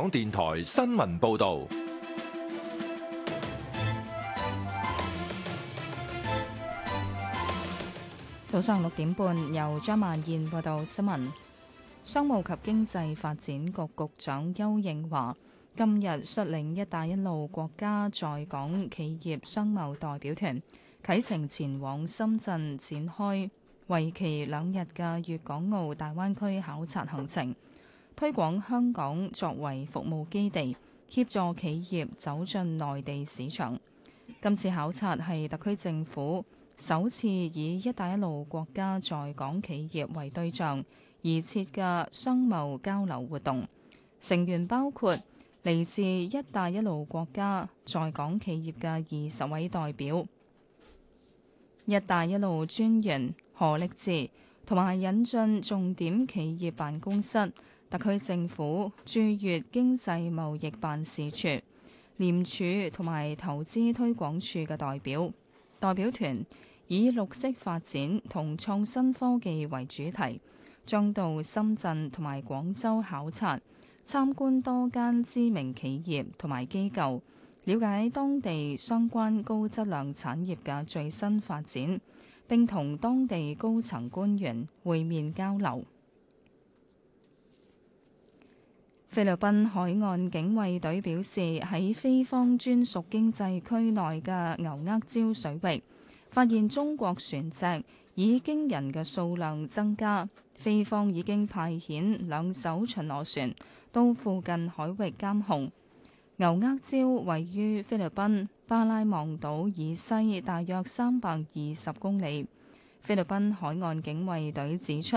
港電台新聞報道：早上六點半，由張曼燕報道新聞。商務及經濟發展局局長邱應華今日率領“一帶一路”國家在港企業商貿代表團，啟程前往深圳，展開為期兩日嘅粵港澳大灣區考察行程。推廣香港作為服務基地，協助企業走進內地市場。今次考察係特區政府首次以「一帶一路」國家在港企業為對象而設嘅商貿交流活動。成員包括嚟自「一帶一路」國家在港企業嘅二十位代表。「一帶一路」專員何力志同埋引進重點企業辦公室、特區政府駐粵經濟貿易辦事處、廉署同埋投資推廣署嘅代表。代表團以綠色發展同創新科技為主題，將到深圳同埋廣州考察，參觀多間知名企業同埋機構，了解當地相關高質量產業嘅最新發展，並同當地高層官員會面交流。菲律賓海岸警衛隊表示，喺菲方專屬經濟區內嘅牛軛礁水域，發現中國船隻以驚人嘅數量增加。菲方已經派遣兩艘巡邏船到附近海域監控。牛軛礁位於菲律賓巴拉望島以西大約三百二十公里。菲律賓海岸警衛隊指出，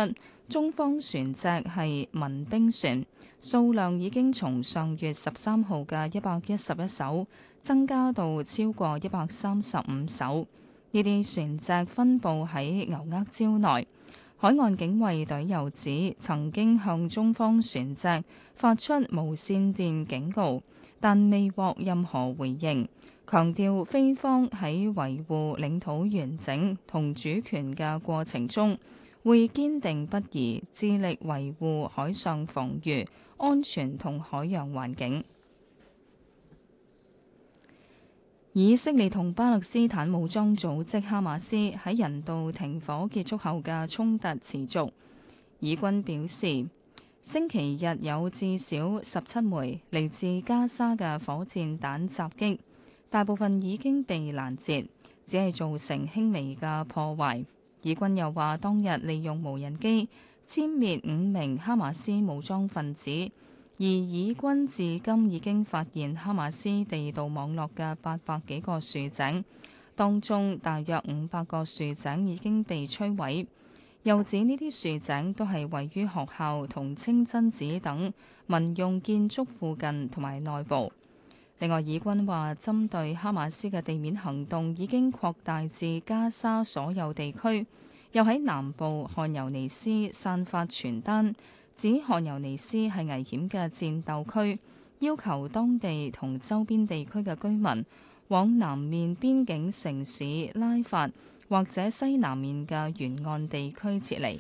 中方船隻係民兵船，數量已經從上月十三號嘅一百一十一艘增加到超過一百三十五艘。呢啲船隻分布喺牛軛礁內。海岸警衛隊又指曾經向中方船隻發出無線電警告，但未獲任何回應，強調菲方喺維護領土完整同主權嘅過程中。會堅定不移，致力維護海上防禦、安全同海洋環境。以色列同巴勒斯坦武裝組織哈馬斯喺人道停火結束後嘅衝突持續。以軍表示，星期日有至少十七枚嚟自加沙嘅火箭彈襲擊，大部分已經被攔截，只係造成輕微嘅破壞。以軍又話，當日利用無人機殲滅五名哈馬斯武裝分子，而以軍至今已經發現哈馬斯地道網絡嘅八百幾個豎井，當中大約五百個豎井已經被摧毀。又指呢啲豎井都係位於學校同清真寺等民用建築附近同埋內部。另外，以軍話針對哈馬斯嘅地面行動已經擴大至加沙所有地區，又喺南部漢尤尼斯散發傳單，指漢尤尼斯係危險嘅戰鬥區，要求當地同周邊地區嘅居民往南面邊境城市拉法或者西南面嘅沿岸地區撤離。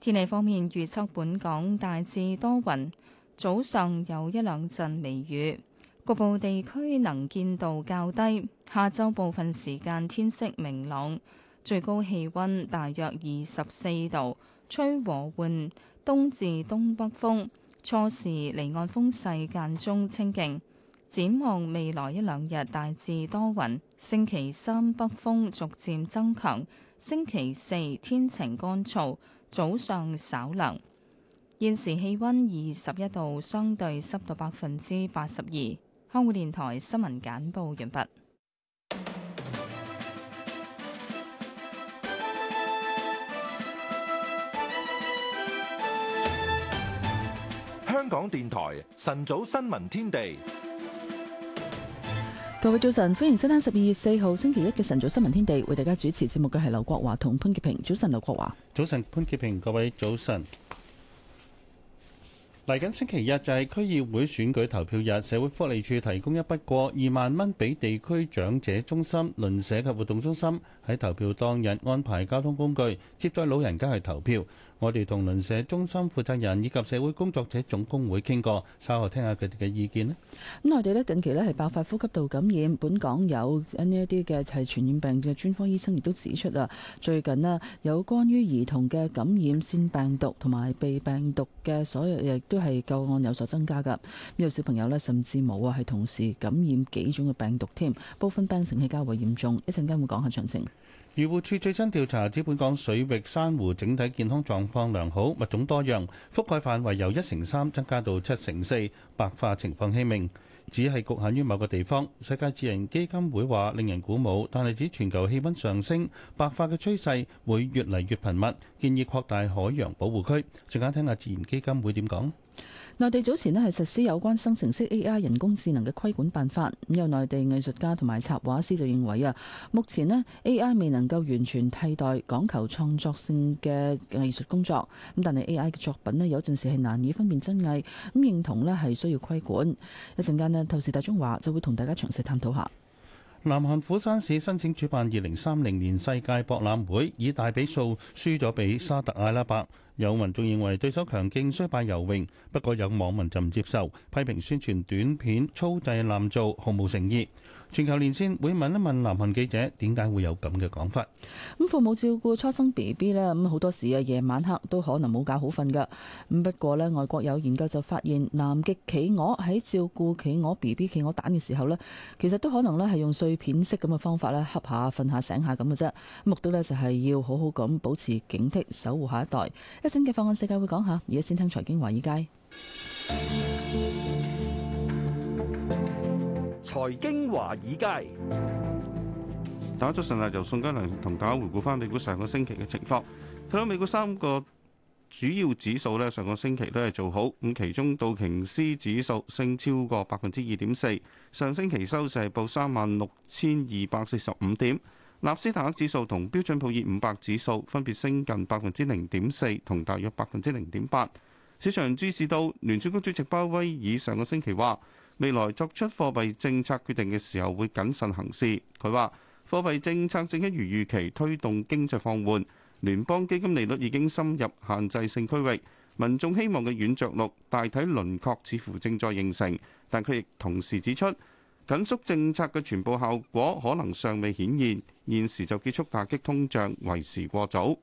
天氣方面預測，本港大致多雲。早上有一兩陣微雨，局部地區能見度較低。下週部分時間天色明朗，最高氣溫大約二十四度，吹和緩東至東北風，初時離岸風勢間中清勁。展望未來一兩日大致多雲，星期三北風逐漸增強，星期四天晴乾燥，早上稍涼。現時氣溫二十一度，相對濕度百分之八十二。香港電台新聞簡報完畢。香港電台晨早新聞天地，各位早晨，歡迎收聽十二月四號星期一嘅晨早新聞天地。為大家主持節目嘅係劉國華同潘潔平。早晨，劉國華。早晨，潘潔平。各位早晨。嚟緊星期日就係區議會選舉投票日，社會福利處提供一筆過二萬蚊俾地區長者中心、鄰舍及活動中心喺投票當日安排交通工具接載老人家去投票。我哋同鄰舍中心負責人以及社會工作者總工會傾過，稍後聽下佢哋嘅意見咧。咁我哋咧近期咧係爆發呼吸道感染，本港有呢一啲嘅係傳染病嘅專科醫生亦都指出啊，最近咧有關於兒童嘅感染腺病毒同埋鼻病毒嘅所有亦都係個案有所增加噶。呢個小朋友咧甚至冇啊係同時感染幾種嘅病毒添，部分病情係較為嚴重。一陣間會講下詳情。漁護署最新調查指，本港水域珊瑚整體健康狀況況良好，物種多樣，覆蓋範圍由一成三增加到七成四，白化情況輕微，只係局限於某個地方。世界自然基金會話令人鼓舞，但係指全球氣温上升，白化嘅趨勢會越嚟越頻密，建議擴大海洋保護區。陣間聽下自然基金會點講。內地早前咧係實施有關生成式 AI 人工智能嘅規管辦法，咁有內地藝術家同埋插畫師就認為啊，目前咧 AI 未能夠完全替代講求創作性嘅藝術工作，咁但係 AI 嘅作品咧有陣時係難以分辨真偽，咁認同咧係需要規管。一陣間咧，透視大中華就會同大家詳細探討下。南韓釜山市申請主辦二零三零年世界博覽會，以大比數輸咗俾沙特阿拉伯。有民眾認為對手強勁，雖敗猶榮。不過有網民就唔接受，批評宣傳短片粗製濫造，毫無誠意。全球連線會問一問南韓記者點解會有咁嘅講法？咁父母照顧初生 BB 呢，咁好多時啊夜晚黑都可能冇覺好瞓噶。咁不過呢，外國有研究就發現南極企鵝喺照顧企鵝 BB 企鵝蛋嘅時候呢，其實都可能咧係用碎片式咁嘅方法呢，瞌下瞓下醒下咁嘅啫。目的呢，就係要好好咁保持警惕，守護下一代。一整嘅放眼世界會講下，而家先聽財經華爾街。 財經華爾街，第一組新聞由宋嘉良同大家回顧翻美股上個星期嘅情況。睇到美股三個主要指數咧，上個星期都係做好。咁其中道瓊斯指數升超過百分之二點四，上星期收市係報三萬六千二百四十五點。納斯達克指數同標準普爾五百指數分別升近百分之零點四同大約百分之零點八。市場注視到聯儲局主席鮑威爾上個星期話未來作出貨幣政策決定嘅時候會謹慎行事。佢話：貨幣政策正一如預期推動經濟放緩，聯邦基金利率已經深入限制性區域，民眾希望嘅軟著陸大體輪廓似乎正在形成。但佢亦同時指出，緊縮政策嘅全部效果可能尚未顯現，現時就結束打擊通脹為時過早。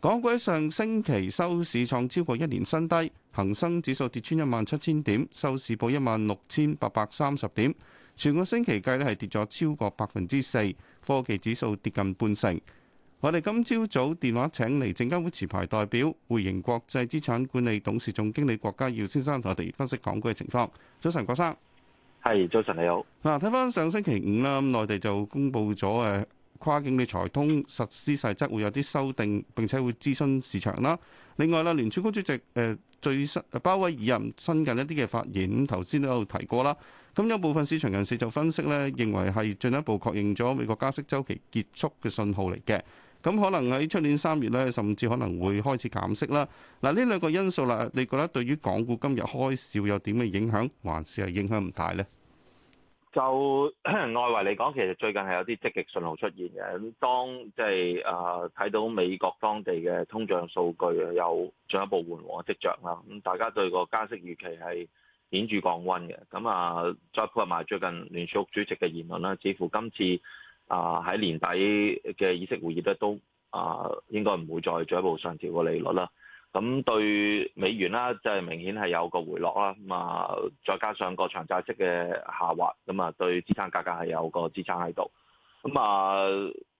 港股喺上星期收市創超過一年新低，恒生指數跌穿一萬七千點，收市報一萬六千八百三十點，全個星期計咧係跌咗超過百分之四，科技指數跌近半成。我哋今朝早，早電話請嚟證監會持牌代表匯盈國際資產管理董事總經理郭家耀先生同我哋分析港股嘅情況。早晨，郭生，係早晨你好。嗱，睇翻上星期五啦，咁內地就公布咗誒。跨境理財通實施細則會有啲修訂，並且會諮詢市場啦。另外啦，聯儲局主席誒最新鮑威爾任新近一啲嘅發言，咁頭先都有提過啦。咁有部分市場人士就分析呢，認為係進一步確認咗美國加息週期結束嘅信號嚟嘅。咁可能喺出年三月呢，甚至可能會開始減息啦。嗱，呢兩個因素啦，你覺得對於港股今日開市會有點嘅影響，還是係影響唔大呢？就外圍嚟講，其實最近係有啲積極信號出現嘅。當即係啊，睇、就是呃、到美國當地嘅通脹數據有進一步緩和嘅跡象啦。咁大家對個加息預期係顯著降溫嘅。咁啊，再配合埋最近聯儲局主席嘅言論啦，似乎今次啊喺、呃、年底嘅議息會議咧都啊、呃、應該唔會再進一步上調個利率啦。咁對美元啦，即係明顯係有個回落啦。咁啊，再加上個長債息嘅下滑，咁啊，對資產價格係有個支撐喺度。咁啊，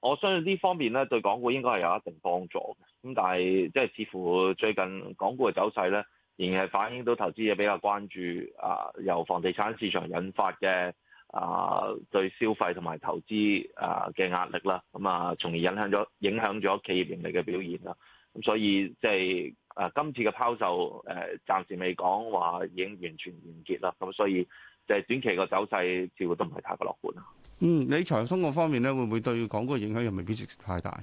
我相信呢方面咧，對港股應該係有一定幫助嘅。咁但係即係似乎最近港股嘅走勢咧，仍然係反映到投資者比較關注啊、呃，由房地產市場引發嘅啊、呃，對消費同埋投資啊嘅壓力啦。咁、呃、啊，從而影響咗影響咗企業盈利嘅表現啦。咁、呃、所以即係。啊，今次嘅拋售，誒、呃，暫時未講話已經完全完結啦。咁所以，就係短期個走勢，似乎都唔係太過樂觀啦。嗯，理財通個方面咧，會唔會對港股嘅影響又未必是太大？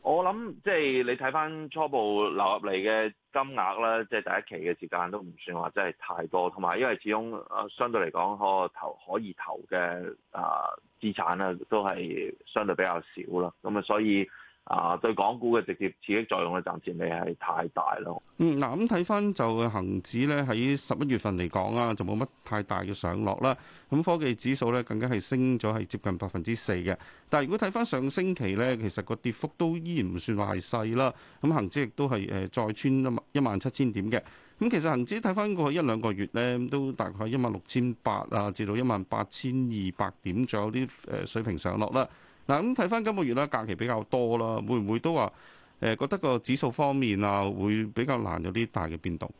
我諗，即係你睇翻初步流入嚟嘅金額啦，即係第一期嘅時間都唔算話真係太多。同埋，因為始終啊，相對嚟講，可投可以投嘅啊資產啦，都係相對比較少啦。咁啊，所以。啊，對港股嘅直接刺激作用嘅暫時未係太大咯。嗯，嗱，咁睇翻就恒指咧，喺十一月份嚟講啊，就冇乜太大嘅上落啦。咁科技指數咧更加係升咗係接近百分之四嘅。但係如果睇翻上星期咧，其實個跌幅都依然唔算話係細啦。咁恒指亦都係誒、呃、再穿一萬七千點嘅。咁其實恒指睇翻過去一兩個月咧，都大概一萬六千八啊，至到一萬八千二百點，左右啲誒水平上落啦。嗱，咁睇翻今個月咧，假期比較多啦，會唔會都話誒覺得個指數方面啊，會比較難有啲大嘅變動？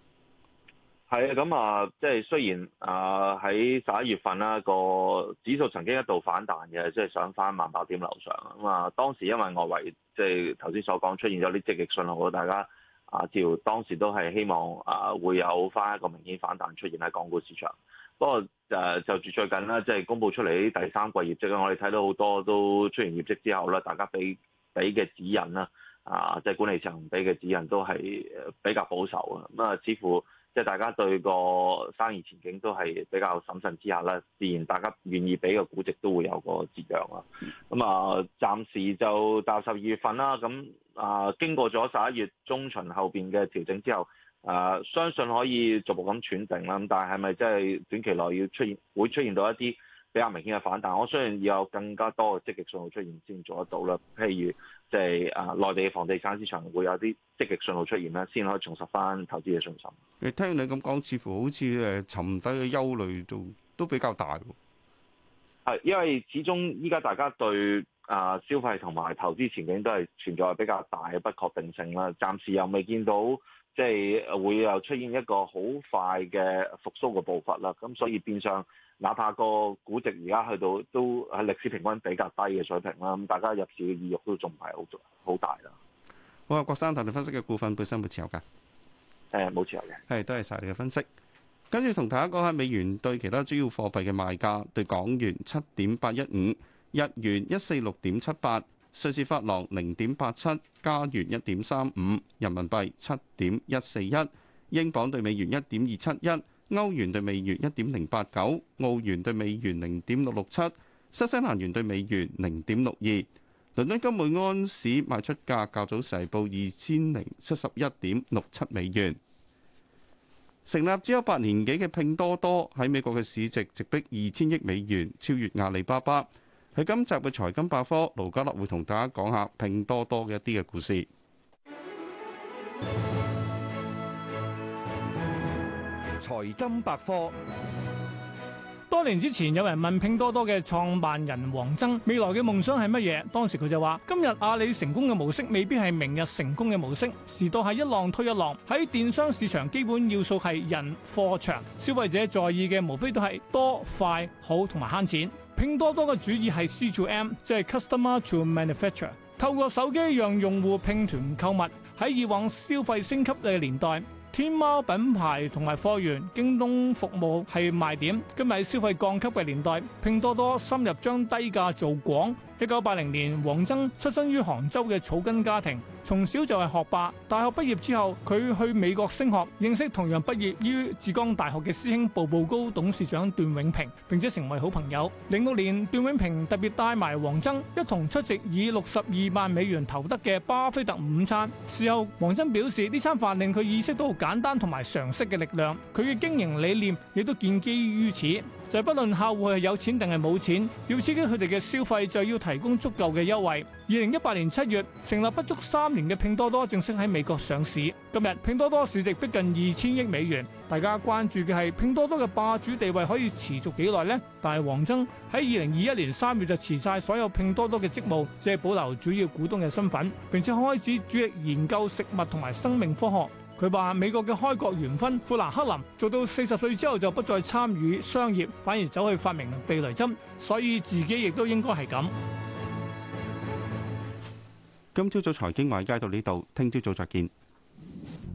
係啊，咁啊，即係雖然啊喺十一月份啦，個指數曾經一度反彈嘅，即係上翻萬八點樓上咁啊。當時因為外圍即係頭先所講出現咗啲積極信號，大家啊照當時都係希望啊會有翻一個明顯反彈出現喺港股市場。不過誒就住最近啦，即係公佈出嚟第三季業績啦，我哋睇到好多都出完業績之後啦，大家俾俾嘅指引啦，啊即係管理層俾嘅指引都係比較保守嘅，咁啊似乎即係大家對個生意前景都係比較審慎之下啦，自然大家願意俾嘅估值都會有個折讓啦。咁啊，暫時就到十二月份啦，咁啊經過咗十一月中旬後邊嘅調整之後。啊，相信可以逐步咁喘定啦。但係，係咪即係短期內要出現，會出現到一啲比較明顯嘅反彈？我雖然要有更加多嘅積極信號出現先做得到啦。譬如、就是，即係啊，內地嘅房地產市場會有啲積極信號出現啦，先可以重拾翻投資嘅信心。你聽你咁講，似乎好似誒沉底嘅憂慮都都比較大喎。係，因為始終依家大家對啊消費同埋投資前景都係存在比較大嘅不確定性啦。暫時又未見到。即係會又出現一個好快嘅復甦嘅步伐啦，咁所以變相哪怕個估值而家去到都喺歷史平均比較低嘅水平啦，咁大家入市嘅意欲都仲唔係好好大啦。好啊，郭生，頭你分析嘅股份本身沒有持有㗎？誒，冇持有嘅。係，多謝曬你嘅分析。跟住同大家講下美元對其他主要貨幣嘅賣價，對港元七點八一五，日元一四六點七八。瑞士法郎零點八七，加元一點三五，人民幣七點一四一，英鎊對美元一點二七一，歐元對美元一點零八九，澳元對美元零點六六七，新西蘭元對美元零點六二。倫敦金每安士賣出價較早時報二千零七十一點六七美元。成立只有八年幾嘅拼多多喺美國嘅市值直逼二千億美元，超越阿里巴巴。喺今集嘅《財金百科》，盧家樂會同大家講下拼多多嘅一啲嘅故事。財金百科。多年之前，有人問拼多多嘅創辦人黃崢未來嘅夢想係乜嘢，當時佢就話：今日阿里成功嘅模式未必係明日成功嘅模式，時代係一浪推一浪，喺電商市場基本要素係人、貨、場，消費者在意嘅無非都係多、快、好同埋慳錢。拼多多嘅主意係 C to M，即係 customer to manufacturer。Man ure，透過手機讓用戶拼團購物。喺以往消費升級嘅年代，天貓品牌同埋貨源、京東服務係賣點。今日喺消費降級嘅年代，拼多多深入將低價做廣。一九八零年，黃崢出生於杭州嘅草根家庭，從小就係學霸。大學畢業之後，佢去美國升學，認識同樣畢業於浙江大學嘅師兄步步高董事長段永平，並且成為好朋友。零六年，段永平特別帶埋黃崢一同出席以六十二萬美元投得嘅巴菲特午餐。事後，黃崢表示呢餐飯令佢意識到簡單同埋常識嘅力量，佢嘅經營理念亦都建基於此。就不論客戶係有錢定係冇錢，要刺激佢哋嘅消費，就要提供足夠嘅優惠。二零一八年七月成立不足三年嘅拼多多，正式喺美國上市。今日拼多多市值逼近二千億美元，大家關注嘅係拼多多嘅霸主地位可以持續幾耐呢？但係黃崢喺二零二一年三月就辭晒所有拼多多嘅職務，只係保留主要股東嘅身份，並且開始主力研究食物同埋生命科學。佢話美國嘅開國元勳富蘭克林做到四十歲之後就不再參與商業，反而走去發明避雷針，所以自己亦都應該係咁。今朝早財經外街到呢度，聽朝早再見。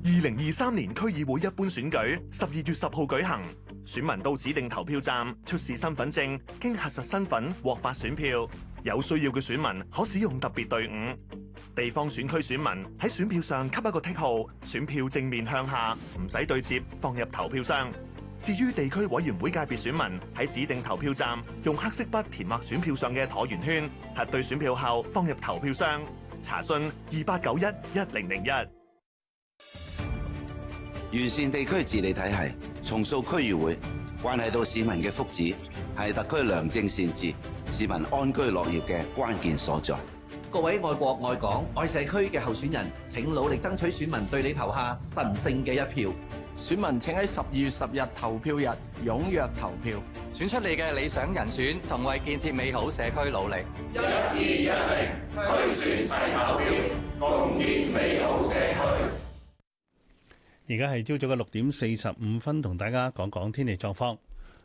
二零二三年區議會一般選舉十二月十號舉行，選民到指定投票站出示身份證，經核實身份獲發選票。有需要嘅選民可使用特別隊伍，地方選區選民喺選票上給一個剔號，選票正面向下，唔使對摺，放入投票箱。至於地區委員會界別選民喺指定投票站用黑色筆填滿選票上嘅橢圓圈，核對選票後放入投票箱。查詢二八九一一零零一。完善地區治理體系，重塑區議會，關係到市民嘅福祉，係特區良政善治，市民安居樂業嘅關鍵所在。各位愛國愛港愛社區嘅候選人，請努力爭取選民對你投下神聖嘅一票。選民請喺十二月十日投票日踴躍投票，選出你嘅理想人選，同為建設美好社區努力。一、二、一、零推選細跑表，共建美好社區。而家係朝早嘅六點四十五分，同大家講講天氣狀況。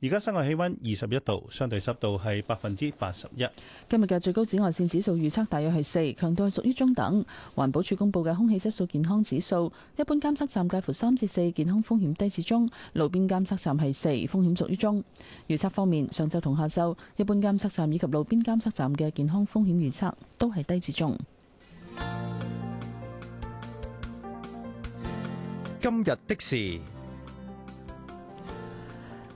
而家室外氣溫二十一度，相對濕度係百分之八十一。今日嘅最高紫外線指數預測大約係四，強度係屬於中等。環保署公布嘅空氣質素健康指數，一般監測站介乎三至四，健康風險低至中；路邊監測站係四，風險屬於中。預測方面，上晝同下晝，一般監測站以及路邊監測站嘅健康風險預測都係低至中。今日的事。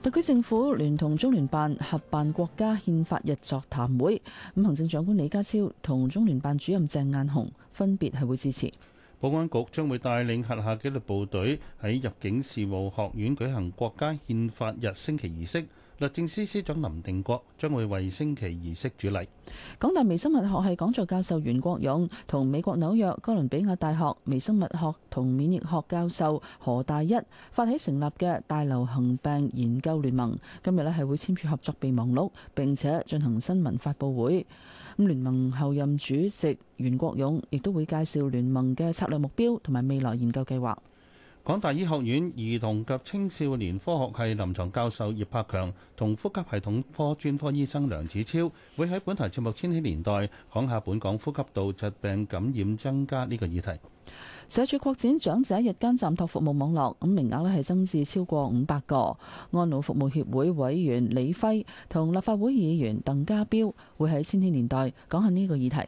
特區政府聯同中聯辦合辦國家憲法日座談會，咁行政長官李家超同中聯辦主任鄭雁雄分別係會主持。保安局將會帶領轄下紀律部隊喺入境事務學院舉行國家憲法日升旗儀式。律政司司長林定國將會為升旗儀式主禮。港大微生物學系講座教授袁國勇同美國紐約哥倫比亞大學微生物學同免疫學教授何大一發起成立嘅大流行病研究聯盟，今日呢係會簽署合作備忘錄，並且進行新聞發布會。咁聯盟後任主席袁國勇亦都會介紹聯盟嘅策略目標同埋未來研究計劃。港大醫學院兒童及青少年科學系臨床教授葉柏強同呼吸系統科專科醫生梁子超會喺本台節目《千禧年代》講下本港呼吸道疾病感染增加呢個議題。社署擴展長者日間暫託服務網絡，咁名額呢係增至超過五百個。安老服務協會委員李輝同立法會議員鄧家彪會喺《千禧年代》講下呢個議題。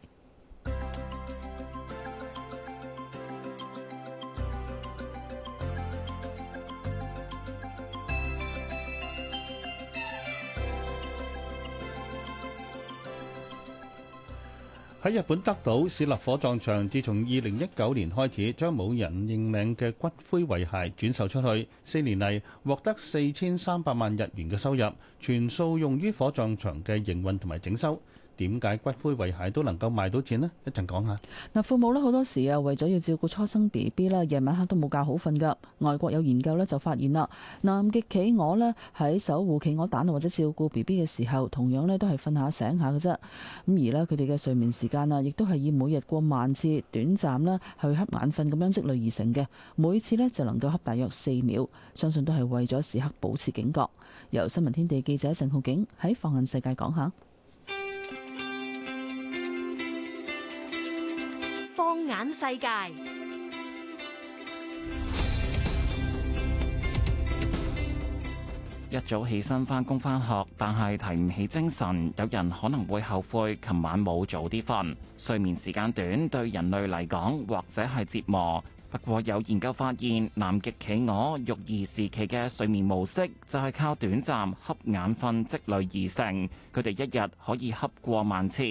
喺日本德島市立火葬場，自從二零一九年開始，將冇人認領嘅骨灰遺骸轉售出去，四年嚟獲得四千三百萬日元嘅收入，全數用於火葬場嘅營運同埋整修。點解骨灰遺骸都能夠賣到錢呢？一陣講下。嗱，父母咧好多時啊，為咗要照顧初生 B B 啦，夜晚黑都冇教好瞓噶。外國有研究咧，就發現啦，南極企鵝咧喺守護企鵝蛋或者照顧 B B 嘅時候，同樣咧都係瞓下醒下嘅啫。咁而咧，佢哋嘅睡眠時間啊，亦都係以每日過萬次短暫啦，去瞌眼瞓咁樣積累而成嘅。每次咧就能夠瞌大約四秒，相信都係為咗時刻保持警覺。由新聞天地記者鄭浩景喺放眼世界講下。眼世界，一早起身翻工翻學，但係提唔起精神。有人可能會後悔，琴晚冇早啲瞓，睡眠時間短對人類嚟講或者係折磨。不過有研究發現，南極企鵝育兒時期嘅睡眠模式就係靠短暫瞌眼瞓積累而成。佢哋一日可以瞌過萬次。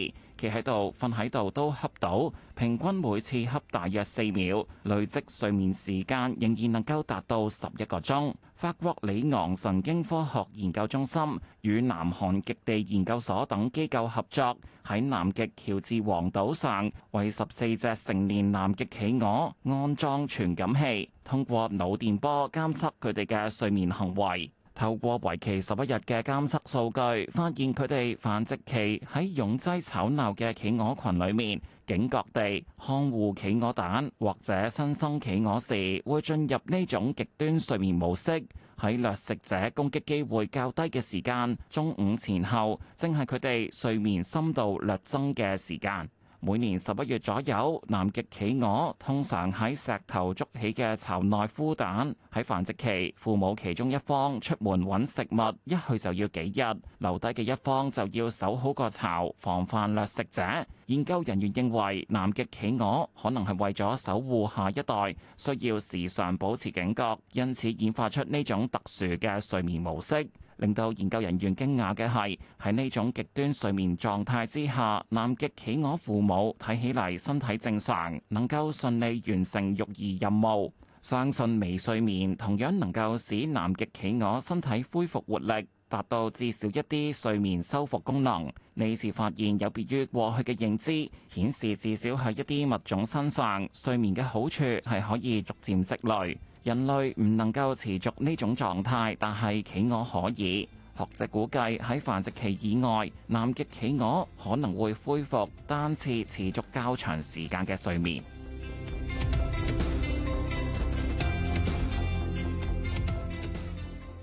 企喺度、瞓喺度都恰到，平均每次恰大約四秒，累積睡眠時間仍然能夠達到十一個鐘。法國里昂神經科學研究中心與南韓極地研究所等機構合作，喺南極喬治王島上，為十四隻成年南極企鵝安裝傳感器，通過腦電波監測佢哋嘅睡眠行為。透過為期十一日嘅監測數據，發現佢哋繁殖期喺擁擠吵鬧嘅企鵝群裡面，警覺地看護企鵝蛋或者新生企鵝時，會進入呢種極端睡眠模式。喺掠食者攻擊機會較低嘅時間，中午前後，正係佢哋睡眠深度略增嘅時間。每年十一月左右，南極企鵝通常喺石頭築起嘅巢內孵蛋。喺繁殖期，父母其中一方出門揾食物，一去就要幾日，留低嘅一方就要守好個巢，防範掠食者。研究人員認為，南極企鵝可能係為咗守護下一代，需要時常保持警覺，因此演化出呢種特殊嘅睡眠模式。令到研究人員驚訝嘅係，喺呢種極端睡眠狀態之下，南極企鵝父母睇起嚟身體正常，能夠順利完成育兒任務。相信微睡眠同樣能夠使南極企鵝身體恢復活力，達到至少一啲睡眠修復功能。呢次發現有別於過去嘅認知，顯示至少喺一啲物種身上，睡眠嘅好處係可以逐漸積累。人類唔能夠持續呢種狀態，但係企鵝可以。學者估計，喺繁殖期以外，南極企鵝可能會恢復單次持續較長時間嘅睡眠。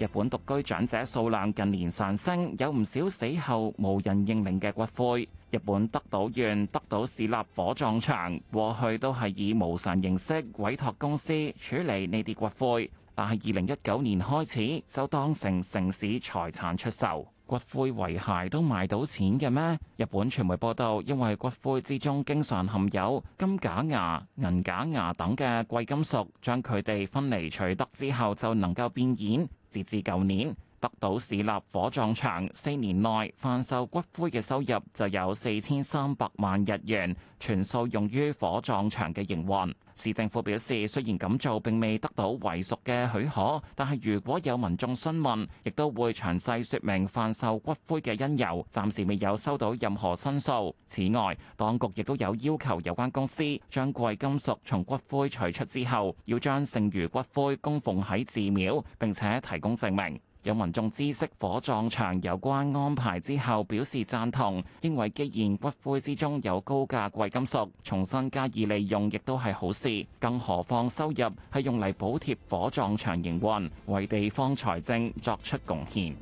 日本獨居長者數量近年上升，有唔少死後無人認領嘅骨灰。日本德島縣德島市立火葬場過去都係以無償形式委託公司處理呢啲骨灰，但係二零一九年開始就當成城市財產出售，骨灰遺骸都賣到錢嘅咩？日本傳媒報道，因為骨灰之中經常含有金假牙、銀假牙等嘅貴金屬，將佢哋分離除得之後，就能夠變現。截至舊年，得到市立火葬場四年內販售骨灰嘅收入就有四千三百萬日元，全數用於火葬場嘅營運。市政府表示，雖然咁做並未得到遺屬嘅許可，但係如果有民眾詢問，亦都會詳細說明販售骨灰嘅因由。暫時未有收到任何申訴。此外，當局亦都有要求有關公司將貴金屬從骨灰取出之後，要將剩餘骨灰供奉喺寺廟，並且提供證明。有民眾知悉火葬場有關安排之後，表示贊同，認為既然骨灰之中有高價貴金屬，重新加以利用亦都係好事，更何況收入係用嚟補貼火葬場營運，為地方財政作出貢獻。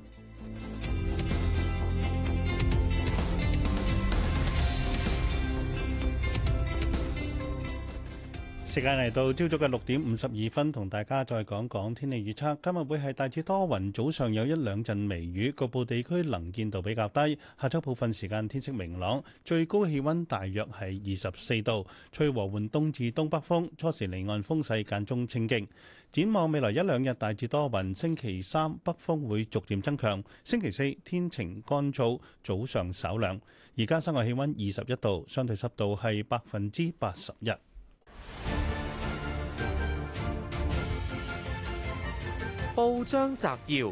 時間嚟到朝早嘅六點五十二分，同大家再講講天氣預測。今日會係大致多雲，早上有一兩陣微雨，局部地區能見度比較低。下晝部分時間天色明朗，最高氣溫大約係二十四度，吹和緩東至東北風，初時離岸風勢間中清勁。展望未來一兩日大致多雲，星期三北風會逐漸增強，星期四天晴乾燥，早上稍涼。而家室外氣溫二十一度，相對濕度係百分之八十一。報章摘要：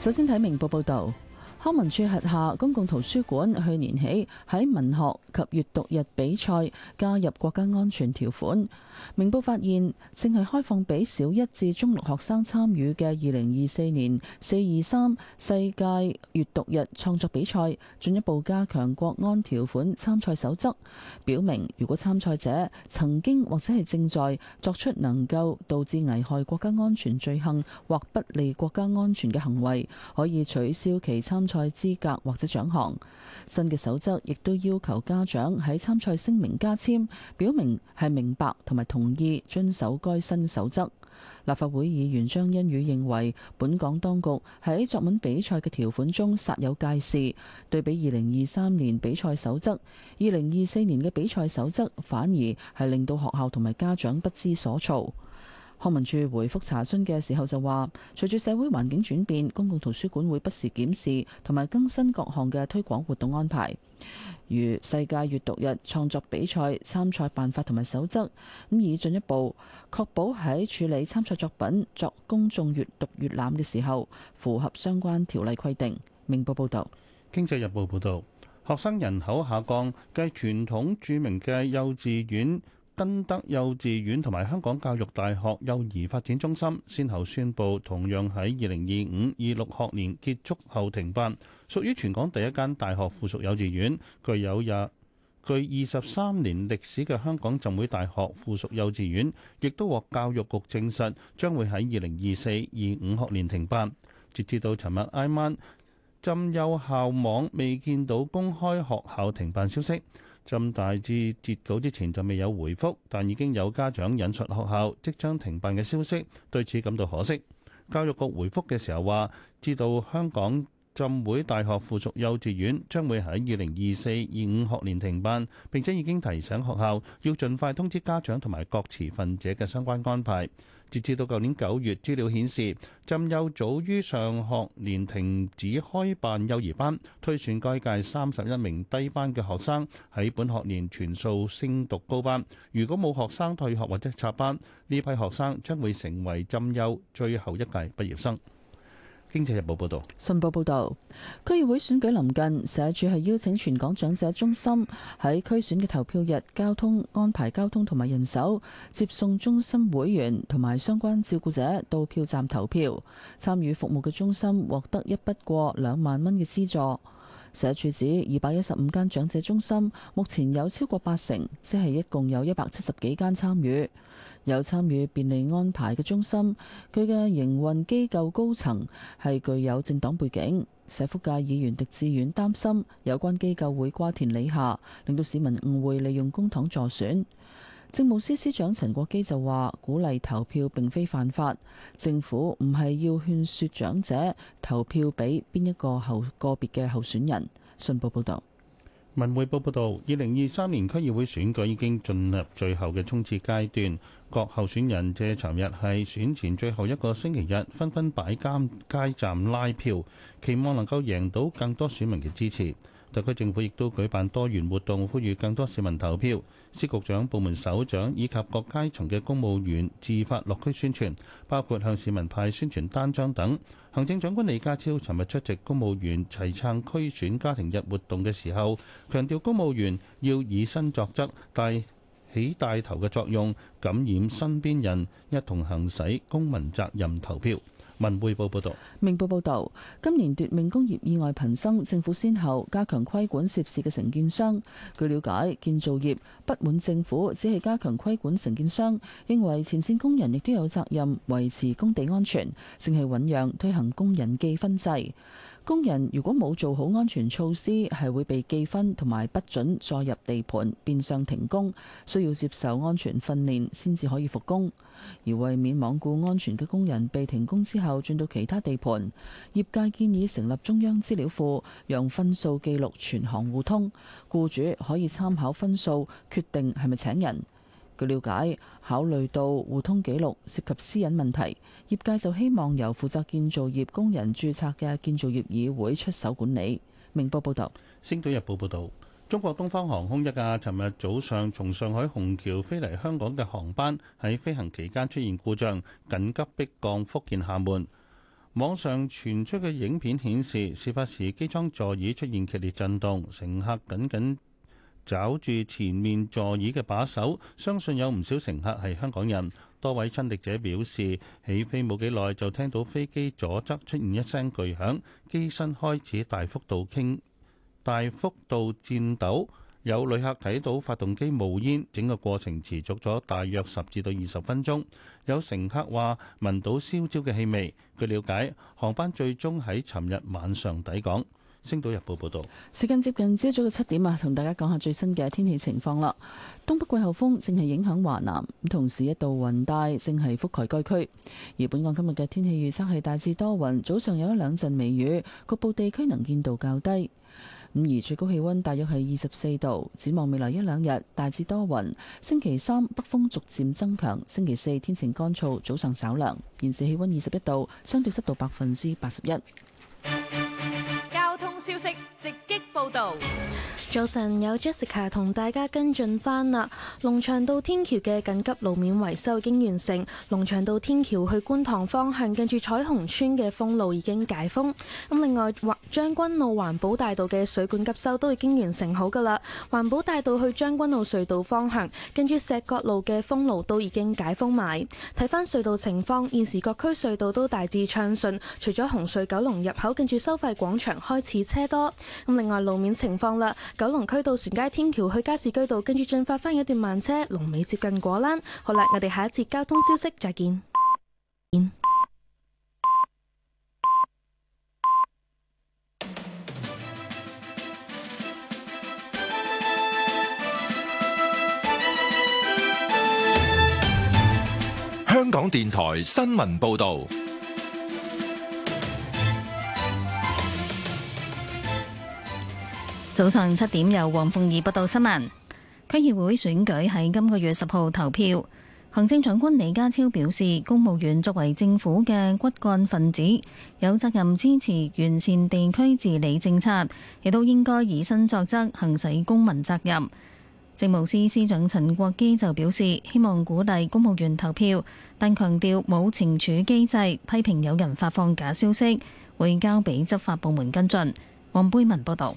首先睇明報報道，康文署轄下公共圖書館去年起喺文學及閱讀日比賽加入國家安全條款。明報發現，正係開放俾小一至中六學生參與嘅二零二四年四二三世界閱讀日創作比賽，進一步加強國安條款參賽守則，表明如果參賽者曾經或者係正在作出能夠導致危害國家安全罪行或不利國家安全嘅行為，可以取消其參賽資格或者獎項。新嘅守則亦都要求家長喺參賽聲明加簽，表明係明白同埋，同意遵守該新守則。立法會議員張欣宇認為，本港當局喺作文比賽嘅條款中煞有介事。對比二零二三年比賽守則，二零二四年嘅比賽守則反而係令到學校同埋家長不知所措。康文署回覆查詢嘅時候就話，隨住社會環境轉變，公共圖書館會不時檢視同埋更新各項嘅推廣活動安排。如世界閱讀日創作比賽參賽辦法同埋守則，咁以進一步確保喺處理參賽作品作公眾閱讀閱覽嘅時候，符合相關條例規定。明報報道，經濟日報報道，學生人口下降，繼傳統著名嘅幼稚園。根德幼稚園同埋香港教育大學幼兒發展中心，先後宣布同樣喺二零二五、二六學年結束後停辦。屬於全港第一間大學附屬幼稚園，具有也具二十三年歷史嘅香港浸會大學附屬幼稚園，亦都獲教育局證實將會喺二零二四、二五學年停辦。截至到尋日挨晚，浸幼校網未見到公開學校停辦消息。浸大至截稿之前就未有回覆，但已經有家長引述學校即將停辦嘅消息，對此感到可惜。教育局回覆嘅時候話，知道香港浸會大學附屬幼稚園將會喺二零二四、二五學年停辦，並且已經提醒學校要盡快通知家長同埋各持份者嘅相關安排。截至到舊年九月，資料顯示浸幼早於上學年停止開辦幼兒班，推算該屆三十一名低班嘅學生喺本學年全數升讀高班。如果冇學生退學或者插班，呢批學生將會成為浸幼最後一屆畢業生。《經濟日報》報道，《信報》報道，區議會選舉臨近，社署係邀請全港長者中心喺區選嘅投票日交通安排交通同埋人手接送中心會員同埋相關照顧者到票站投票。參與服務嘅中心獲得一筆過兩萬蚊嘅資助。社署指二百一十五間長者中心目前有超過八成，即係一共有一百七十幾間參與。有參與便利安排嘅中心，佢嘅營運機構高層係具有政黨背景。社福界議員狄志遠擔心有關機構會瓜田李下，令到市民誤會利用公帑助選。政務司司長陳國基就話，鼓勵投票並非犯法，政府唔係要勸説長者投票俾邊一個候個別嘅候選人。信報報道。文匯報報道：「二零二三年區議會選舉已經進入最後嘅衝刺階段。各候選人借尋日係選前最後一個星期日，紛紛擺監街站拉票，期望能夠贏到更多選民嘅支持。特區政府亦都舉辦多元活動，呼籲更多市民投票。司局長、部門首長以及各階層嘅公務員自發落區宣傳，包括向市民派宣傳單張等。行政長官李家超尋日出席公務員齊撐區選家庭日活動嘅時候，強調公務員要以身作則，帶起帶頭嘅作用，感染身邊人，一同行使公民責任，投票。文匯報報道，明報報道，今年奪命工業意外頻生，政府先後加強規管涉事嘅承建商。據了解，建造業不滿政府只係加強規管承建商，認為前線工人亦都有責任維持工地安全，正係醞釀推行工人記分制。工人如果冇做好安全措施，係會被記分同埋不准再入地盤，變相停工。需要接受安全訓練先至可以復工。而為免罔顧安全嘅工人被停工之後，轉到其他地盤，業界建議成立中央資料庫，讓分數記錄全行互通，雇主可以參考分數決定係咪請人。據了解，考慮到互通記錄涉及私隱問題，業界就希望由負責建造業工人註冊嘅建造業議會出手管理。明報報道，《星島日報》報道，中國東方航空一架尋日早上從上海虹橋飛嚟香港嘅航班喺飛行期間出現故障，緊急迫降福建廈門。網上傳出嘅影片顯示，事發時機艙座椅出現劇烈震動，乘客緊緊。找住前面座椅嘅把手，相信有唔少乘客係香港人。多位親歷者表示，起飛冇幾耐就聽到飛機左側出現一聲巨響，機身開始大幅度傾，大幅度顫抖，有旅客睇到發動機冒煙，整個過程持續咗大約十至到二十分鐘，有乘客話聞到燒焦嘅氣味。據了解，航班最終喺尋日晚上抵港。星島日報報道，時間接近朝早嘅七點啊，同大家講下最新嘅天氣情況啦。東北季候風正係影響華南，同時一道雲帶正係覆蓋該區。而本港今日嘅天氣預測係大致多雲，早上有一兩陣微雨，局部地區能見度較低。咁而最高氣溫大約係二十四度。展望未來一兩日，大致多雲。星期三北風逐漸增強，星期四天晴乾燥，早上稍涼。現時氣溫二十一度，相對濕度百分之八十一。消息直擊報導。早晨，有 Jessica 同大家跟進翻啦。龍翔道天橋嘅緊急路面維修已經完成。龍翔道天橋去觀塘方向，近住彩虹村嘅封路已經解封。咁另外，將軍澳環保大道嘅水管急修都已經完成好噶啦。環保大道去將軍澳隧道方向，近住石角路嘅封路都已經解封埋。睇翻隧道情況，現時各區隧道都大致暢順，除咗紅隧九龍入口近住收費廣場開始車多。咁另外路面情況啦。九龍區渡船街天橋去加士居道，跟住進發返一段慢車，龍尾接近果欄。好啦，我哋下一節交通消息，再見。再見香港電台新聞報道。早上七點由黃鳳儀報道新聞。區議會選舉喺今個月十號投票。行政長官李家超表示，公務員作為政府嘅骨幹分子，有責任支持完善地區治理政策，亦都應該以身作則，行使公民責任。政務司司長陳國基就表示，希望鼓勵公務員投票，但強調冇懲處機制，批評有人發放假消息，會交俾執法部門跟進。黃貝文報道。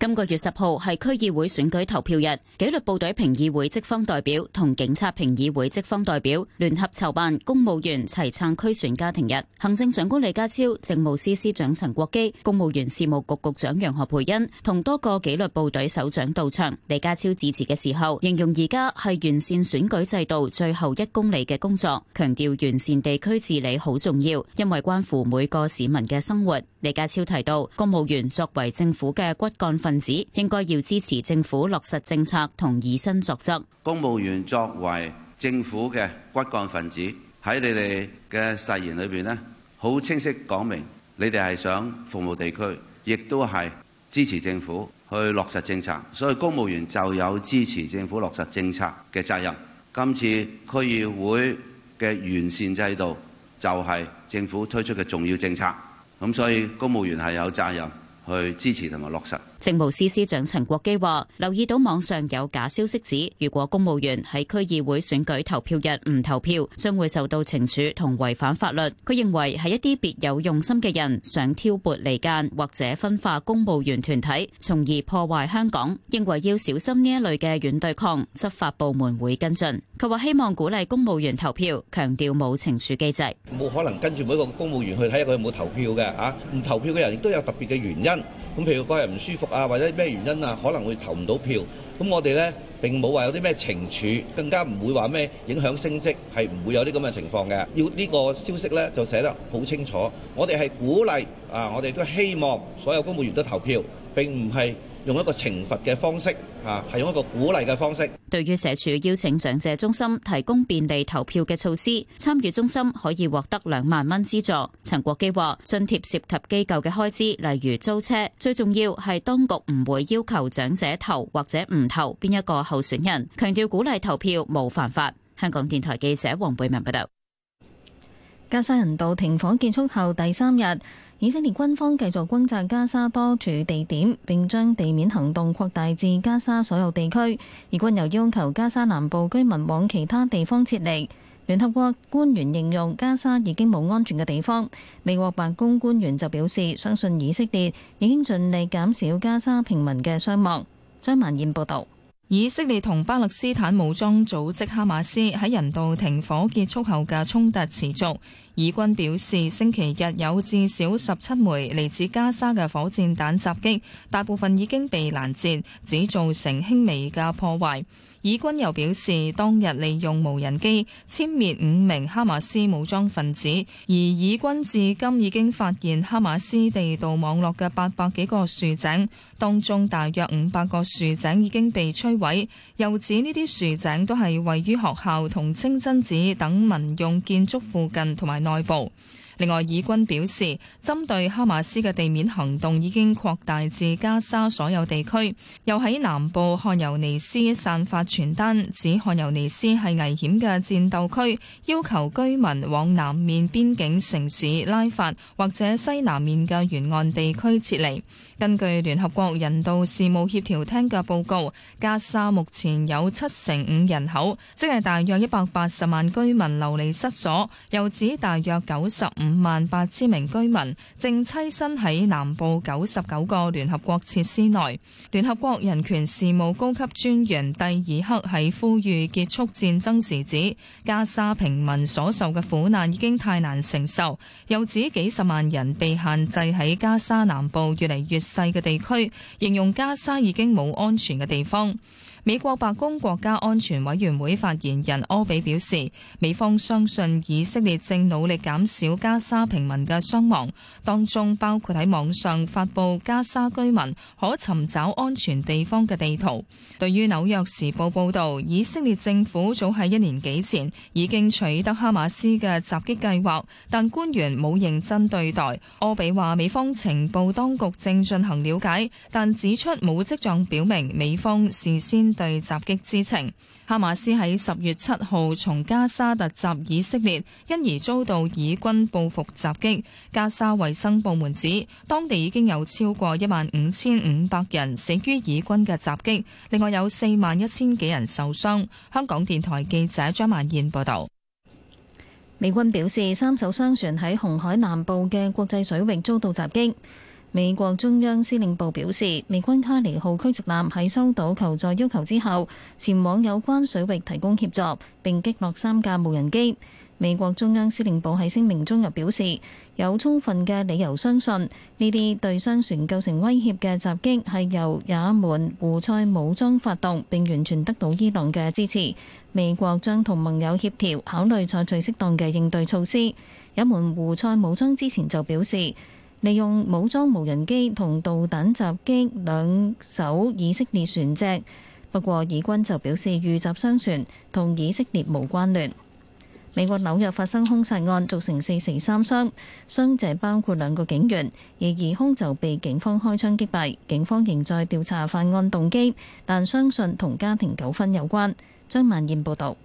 今個月十號係區議會選舉投票日，紀律部隊評議會職方代表同警察評議會職方代表聯合籌辦公務員齊撐區選家庭日。行政長官李家超、政務司司長陳國基、公務員事務局局長楊何蓓茵同多個紀律部隊首長到場。李家超致辭嘅時候形容而家係完善選舉制度最後一公里嘅工作，強調完善地區治理好重要，因為關乎每個市民嘅生活。李家超提到，公務員作為政府嘅骨幹份。分子應該要支持政府落實政策，同以身作則。公務員作為政府嘅骨幹分子，喺你哋嘅誓言裏邊咧，好清晰講明你哋係想服務地區，亦都係支持政府去落實政策。所以公務員就有支持政府落實政策嘅責任。今次區議會嘅完善制度就係政府推出嘅重要政策，咁所以公務員係有責任去支持同埋落實。政務司司長陳國基話：留意到網上有假消息指，如果公務員喺區議會選舉投票日唔投票，將會受到懲處同違反法律。佢認為係一啲別有用心嘅人想挑撥離間或者分化公務員團體，從而破壞香港。認為要小心呢一類嘅軟對抗，執法部門會跟進。佢話希望鼓勵公務員投票，強調冇懲處機制，冇可能跟住每個公務員去睇下，佢有冇投票嘅啊，唔投票嘅人亦都有特別嘅原因。咁譬如個人唔舒服啊，或者咩原因啊，可能會投唔到票。咁我哋呢並冇話有啲咩懲處，更加唔會話咩影響升職，係唔會有啲咁嘅情況嘅。要呢個消息呢就寫得好清楚。我哋係鼓勵啊，我哋都希望所有公務員都投票，並唔係，用一個懲罰嘅方式，嚇係用一個鼓勵嘅方式。對於社署邀請長者中心提供便利投票嘅措施，參與中心可以獲得兩萬蚊資助。陳國基話：津貼涉及機構嘅開支，例如租車。最重要係當局唔會要求長者投或者唔投邊一個候選人。強調鼓勵投票冇犯法。香港電台記者黃貝文報道。加沙人道停火結束後第三日。以色列軍方繼續轟炸加沙多處地點，並將地面行動擴大至加沙所有地區。以軍又要求加沙南部居民往其他地方撤離。聯合國官員形容加沙已經冇安全嘅地方。美國白宮官員就表示，相信以色列已經盡力減少加沙平民嘅傷亡。張萬燕報導。以色列同巴勒斯坦武裝組織哈馬斯喺人道停火結束後嘅衝突持續。以軍表示，星期日有至少十七枚嚟自加沙嘅火箭彈襲擊，大部分已經被攔截，只造成輕微嘅破壞。以軍又表示，當日利用無人機殲滅五名哈馬斯武裝分子，而以軍至今已經發現哈馬斯地道網絡嘅八百幾個豎井，當中大約五百個豎井已經被摧毀。又指呢啲豎井都係位於學校同清真寺等民用建築附近同埋內部。另外，以軍表示，針對哈馬斯嘅地面行動已經擴大至加沙所有地區，又喺南部漢尤尼斯散發傳單，指漢尤尼斯係危險嘅戰鬥區，要求居民往南面邊境城市拉法或者西南面嘅沿岸地區撤離。根據聯合國人道事務協調廳嘅報告，加沙目前有七成五人口，即係大約一百八十萬居民流離失所，又指大約九十五。五萬八千名居民正棲身喺南部九十九個聯合國設施內。聯合國人權事務高級專員蒂爾克喺呼籲結束戰爭時指，加沙平民所受嘅苦難已經太難承受，又指幾十萬人被限制喺加沙南部越嚟越細嘅地區，形容加沙已經冇安全嘅地方。美國白宮國家安全委員會發言人柯比表示，美方相信以色列正努力減少加沙平民嘅傷亡，當中包括喺網上發布加沙居民可尋找安全地方嘅地圖。對於《紐約時報》報道，以色列政府早喺一年幾前已經取得哈馬斯嘅襲擊計劃，但官員冇認真對待。柯比話，美方情報當局正進行了解，但指出冇跡象表明美方事先對襲擊之情。哈馬斯喺十月七號從加沙突襲以色列，因而遭到以軍報復襲擊。加沙衛生部門指，當地已經有超過一萬五千五百人死於以軍嘅襲擊，另外有四萬一千幾人受傷。香港電台記者張曼燕報道。美軍表示，三艘商船喺紅海南部嘅國際水域遭到襲擊。美國中央司令部表示，美軍卡尼號驅逐艦喺收到求助要求之後，前往有關水域提供協助，並擊落三架無人機。美國中央司令部喺聲明中又表示，有充分嘅理由相信呢啲對商船構成威脅嘅襲擊係由也門胡塞武裝發動，並完全得到伊朗嘅支持。美國將同盟友協調，考慮採取適當嘅應對措施。也門胡塞武裝之前就表示，利用武裝無人機同導彈襲擊兩艘以色列船隻，不過以軍就表示，遇襲雙船同以色列無關聯。美國紐約發生兇殺案，造成四死三傷，傷者包括兩個警員，而疑兇就被警方開槍擊斃。警方仍在調查犯案動機，但相信同家庭糾紛有關。張萬燕報導。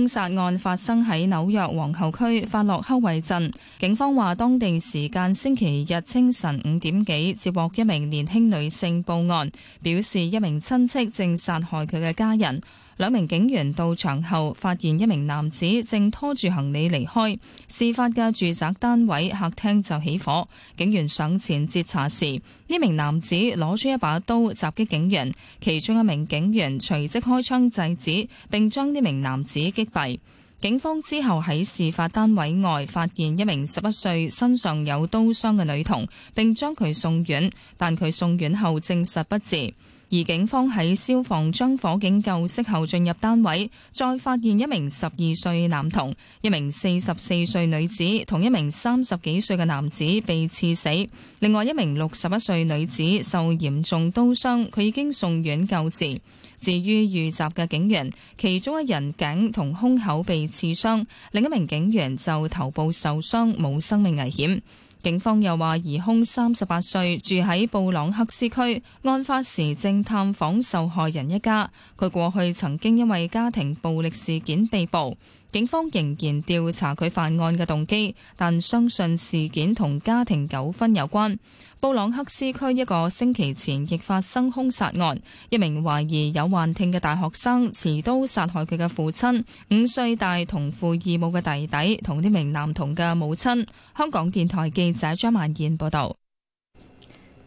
兇殺案發生喺紐約皇后區法洛克韋鎮，警方話當地時間星期日清晨五點幾接獲一名年輕女性報案，表示一名親戚正殺害佢嘅家人。兩名警員到場後，發現一名男子正拖住行李離開。事發嘅住宅單位客廳就起火，警員上前截查時，呢名男子攞出一把刀襲擊警員，其中一名警員隨即開槍制止，並將呢名男子擊斃。警方之後喺事發單位外發現一名十一歲身上有刀傷嘅女童，並將佢送院，但佢送院後證實不治。而警方喺消防將火警救熄後進入單位，再發現一名十二歲男童、一名四十四歲女子同一名三十幾歲嘅男子被刺死，另外一名六十一歲女子受嚴重刀傷，佢已經送院救治。至於遇襲嘅警員，其中一人頸同胸口被刺傷，另一名警員就頭部受傷，冇生命危險。警方又話疑凶三十八歲，住喺布朗克斯區，案發時正探訪受害人一家。佢過去曾經因為家庭暴力事件被捕，警方仍然調查佢犯案嘅動機，但相信事件同家庭糾紛有關。布朗克斯區一個星期前亦發生凶殺案，一名懷疑有幻聽嘅大學生持刀殺害佢嘅父親、五歲大同父異母嘅弟弟同呢名男童嘅母親。香港電台記者張萬燕報道。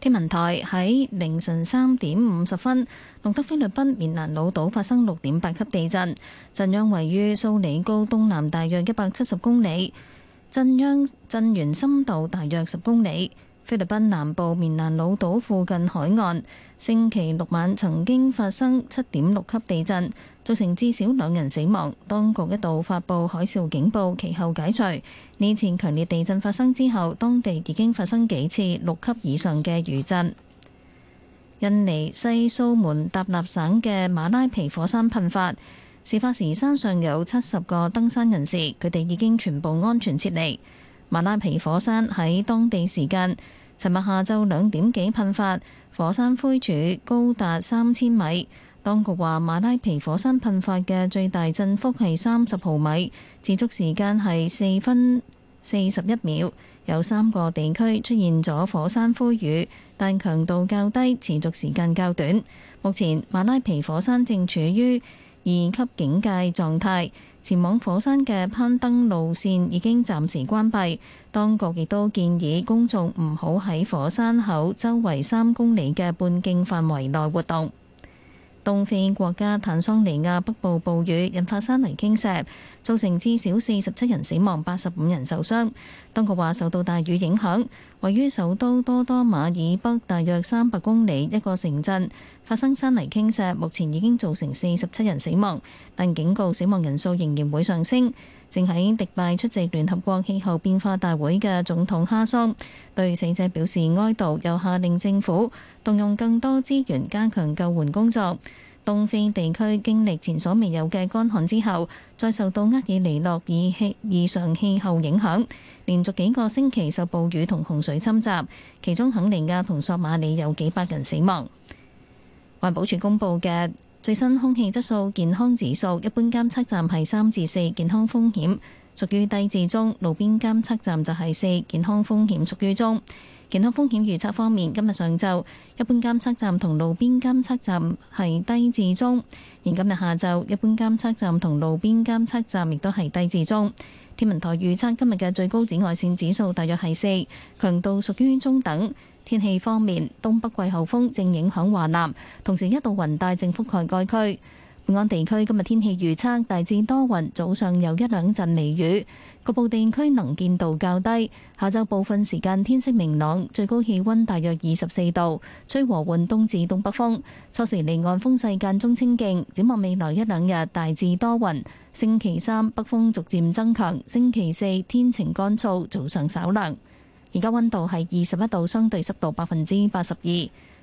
天文台喺凌晨三點五十分，錄得菲律賓棉蘭老島發生六點八級地震，震央位於蘇里高東南大約一百七十公里，震央震源深度大約十公里。菲律賓南部棉蘭老島附近海岸，星期六晚曾經發生七點六級地震，造成至少兩人死亡。當局一度發布海嘯警報，其後解除。呢次強烈地震發生之後，當地已經發生幾次六級以上嘅餘震。印尼西蘇門答納省嘅馬拉皮火山噴發，事發時山上有七十個登山人士，佢哋已經全部安全撤離。馬拉皮火山喺當地時間尋日下晝兩點幾噴發，火山灰柱高達三千米。當局話，馬拉皮火山噴發嘅最大震幅係三十毫米，持續時間係四分四十一秒。有三個地區出現咗火山灰雨，但強度較低，持續時間較短。目前馬拉皮火山正處於二級警戒狀態，前往火山嘅攀登路線已經暫時關閉。當局亦都建議公眾唔好喺火山口周圍三公里嘅半徑範圍內活動。東非國家坦桑尼亞北部暴雨引發山泥傾瀉，造成至少四十七人死亡，八十五人受傷。當局話受到大雨影響，位於首都多多馬以北大約三百公里一個城鎮發生山泥傾瀉，目前已經造成四十七人死亡，但警告死亡人數仍然會上升。正喺迪拜出席聯合國氣候變化大會嘅總統哈桑對死者表示哀悼，又下令政府動用更多資源加強救援工作。東非地區經歷前所未有嘅乾旱之後，再受到厄爾尼諾異氣異常氣候影響，連續幾個星期受暴雨同洪水侵襲，其中肯尼亞同索馬里有幾百人死亡。環保署公佈嘅最新空氣質素健康指數，一般監測站係三至四，健康風險屬於低至中；路邊監測站就係四，健康風險屬於中。健康風險預測方面，今日上晝一般監測站同路邊監測站係低至中，而今日下晝一般監測站同路邊監測站亦都係低至中。天文台預測今日嘅最高紫外線指數大約係四，強度屬於中等。天氣方面，東北季候風正影響華南，同時一道雲帶正覆蓋該區，本澳地區今日天氣預測大致多雲，早上有一兩陣微雨，局部地區能見度較低。下晝部分時間天色明朗，最高氣溫大約二十四度，吹和緩東至東北風，初時離岸風勢間中清勁，展望未來一兩日，大致多雲，星期三北風逐漸增強，星期四天晴乾燥，早上稍涼。而家溫度係二十一度，相對濕度百分之八十二。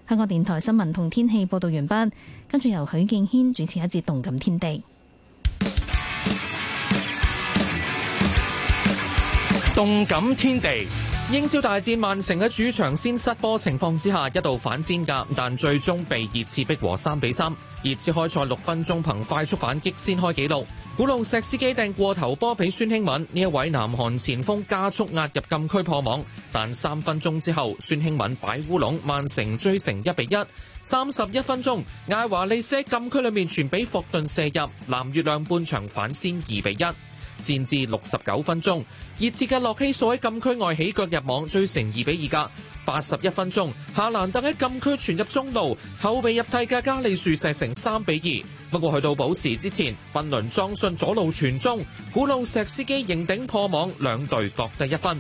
香港電台新聞同天氣報道完畢，跟住由許敬軒主持一節動感天地。動感天地，天地英超大戰曼城喺主場先失波情況之下，一度反先格，但最終被熱刺逼和三比三。熱刺開賽六分鐘憑快速反擊先開紀錄。古路石司機掟過頭波俾孫興敏，呢一位南韓前鋒加速壓入禁區破網，但三分鐘之後孫興敏擺烏龍，曼城追成一比一。三十一分鐘艾華利斯禁區裏面全俾霍頓射入，藍月亮半場反先二比一。戰至六十九分鐘，熱刺嘅洛希所喺禁區外起腳入網，追成二比二格。八十一分鐘，夏蘭特喺禁區傳入中路，後備入替嘅加利樹射成三比二。不過去到補時之前，賓倫莊信左路傳中，古路石斯基迎頂破網，兩隊各得一分。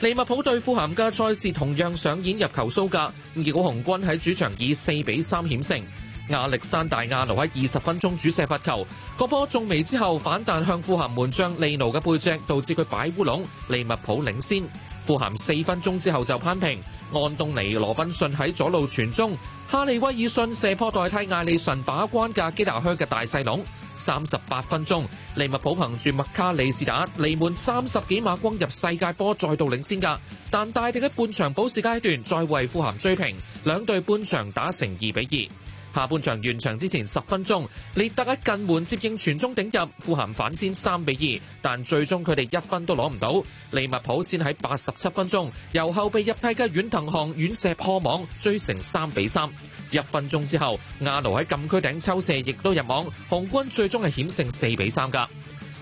利物浦對富咸嘅賽事同樣上演入球蘇格，而紅軍喺主場以四比三險勝。亞歷山大·亞奴喺二十分鐘主射罰球，個波中楣之後反彈向富咸門將利奴嘅背脊導致佢擺烏龍，利物浦領先。富咸四分鐘之後就攀平。安東尼·羅賓遜喺左路傳中，哈利威爾遜射破代替艾利臣把關嘅基達靴嘅大細龍。三十八分鐘，利物浦憑住麥卡利士打，離門三十幾碼，攻入世界波，再度領先。噶但大地喺半場補時階段再為富咸追平，兩隊半場打成二比二。下半場完場之前十分鐘，列特喺近門接應傳中頂入，富咸反先三比二，但最終佢哋一分都攞唔到。利物浦先喺八十七分鐘由後備入替嘅遠藤航遠射破網，追成三比三。一分鐘之後，亞奴喺禁區頂抽射亦都入網，紅軍最終係險勝四比三噶。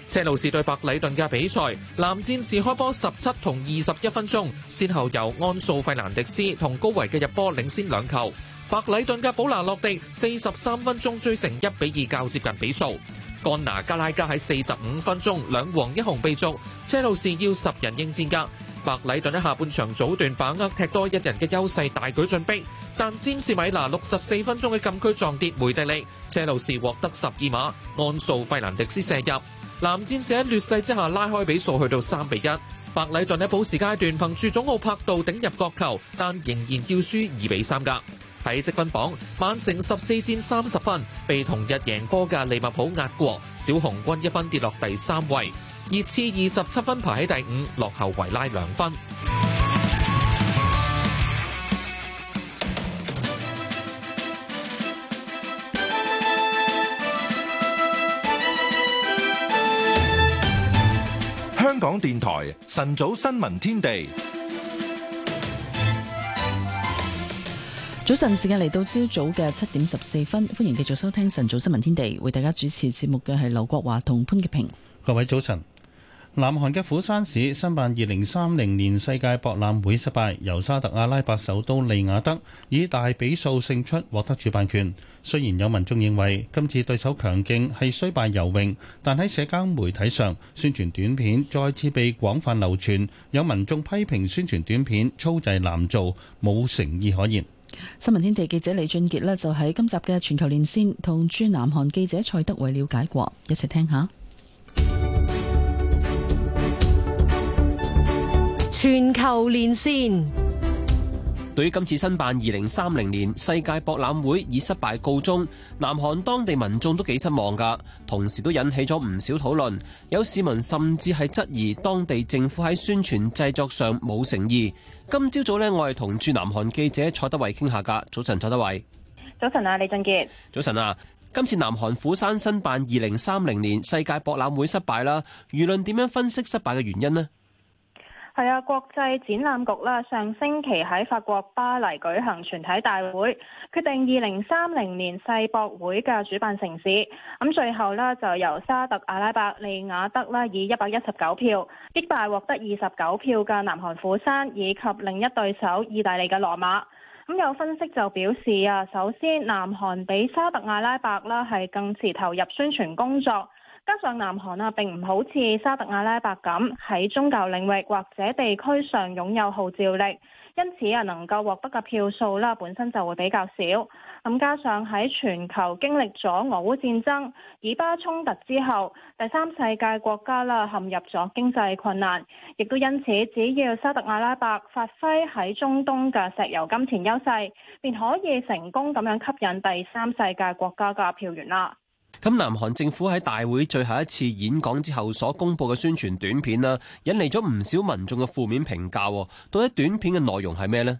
車路士對白禮頓嘅比賽，藍戰士開波十七同二十一分鐘，先後由安素費蘭迪斯同高維嘅入波領先兩球。白里頓嘅保拿落地四十三分鐘追成一比二，較接近比數。干拿加拉加喺四十五分鐘兩黃一紅被逐，車路士要十人應戰㗎。白里頓喺下半場早段把握踢多一人嘅優勢大舉進逼，但詹士米拿六十四分鐘嘅禁區撞跌梅地利，車路士獲得十二碼，按數費蘭迪斯射入，藍戰者喺劣勢之下拉開比數去到三比一。白里頓喺補時階段憑住總奧柏度頂入角球，但仍然要輸二比三㗎。睇積分榜，曼城十四戰三十分，被同日贏波嘅利物浦壓過，小紅軍一分跌落第三位，熱刺二十七分排喺第五，落後維拉兩分。香港電台晨早新聞天地。早晨時間嚟到，朝早嘅七點十四分，歡迎繼續收聽晨早新聞天地。為大家主持節目嘅係劉國華同潘潔平。各位早晨。南韓嘅釜山市申辦二零三零年世界博覽會失敗，由沙特阿拉伯首都利雅德以大比數勝出，獲得主辦權。雖然有民眾認為今次對手強勁係雖敗猶榮，但喺社交媒體上宣傳短片再次被廣泛流傳，有民眾批評宣傳短片粗製濫造，冇誠意可言。新聞天地記者李俊杰呢就喺今集嘅全球連線同駐南韓記者蔡德偉了解過，一齊聽下全球連線。對於今次申辦二零三零年世界博覽會以失敗告終，南韓當地民眾都幾失望噶，同時都引起咗唔少討論，有市民甚至係質疑當地政府喺宣傳製作上冇誠意。今朝早呢，我係同駐南韓記者蔡德偉傾下噶。早晨，蔡德偉。早晨啊，李俊傑。早晨啊，今次南韓釜山申辦二零三零年世界博覽會失敗啦，輿論點樣分析失敗嘅原因呢？係啊，國際展覽局啦，上星期喺法國巴黎舉行全體大會，決定二零三零年世博會嘅主辦城市。咁最後呢，就由沙特阿拉伯利雅德啦，以一百一十九票擊敗獲得二十九票嘅南韓釜山以及另一對手意大利嘅羅馬。咁有分析就表示啊，首先南韓比沙特阿拉伯啦係更遲投入宣傳工作。加上南韓啊，並唔好似沙特阿拉伯咁喺宗教領域或者地區上擁有號召力，因此啊能夠獲得嘅票數啦，本身就會比較少。咁加上喺全球經歷咗俄烏戰爭、以巴衝突之後，第三世界國家啦陷入咗經濟困難，亦都因此只要沙特阿拉伯發揮喺中東嘅石油金錢優勢，便可以成功咁樣吸引第三世界國家嘅票源啦。咁南韓政府喺大會最後一次演講之後所公佈嘅宣傳短片啦，引嚟咗唔少民眾嘅負面評價。到底短片嘅內容係咩呢？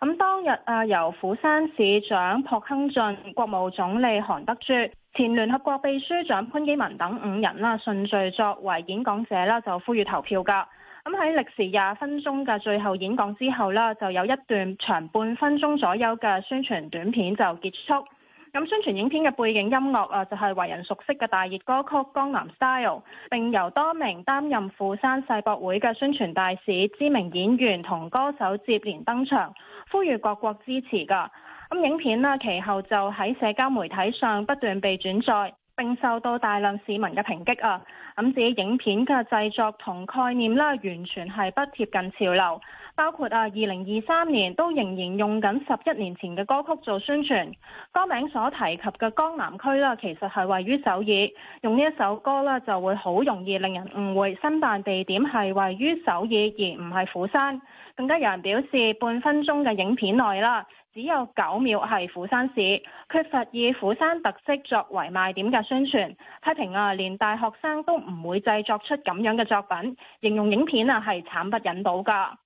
咁當日啊，由釜山市長朴亨俊、國務總理韓德洙、前聯合國秘書長潘基文等五人啦順序作為演講者啦，就呼籲投票噶。咁喺歷時廿分鐘嘅最後演講之後啦，就有一段長半分鐘左右嘅宣傳短片就結束。咁宣傳影片嘅背景音樂啊，就係為人熟悉嘅大熱歌曲《江南 style》，並由多名擔任釜山世博會嘅宣傳大使、知名演員同歌手接連登場，呼籲各國支持噶。咁影片呢，其後就喺社交媒體上不斷被轉載，並受到大量市民嘅抨擊啊！咁至於影片嘅製作同概念咧，完全係不貼近潮流。包括啊，二零二三年都仍然用緊十一年前嘅歌曲做宣傳。歌名所提及嘅江南區啦，其實係位於首爾，用呢一首歌啦，就會好容易令人誤會申辦地點係位於首爾，而唔係釜山。更加有人表示，半分鐘嘅影片內啦，只有九秒係釜山市，缺乏以釜山特色作為賣點嘅宣傳。批評啊，連大學生都唔會製作出咁樣嘅作品，形容影片啊係慘不忍睹噶。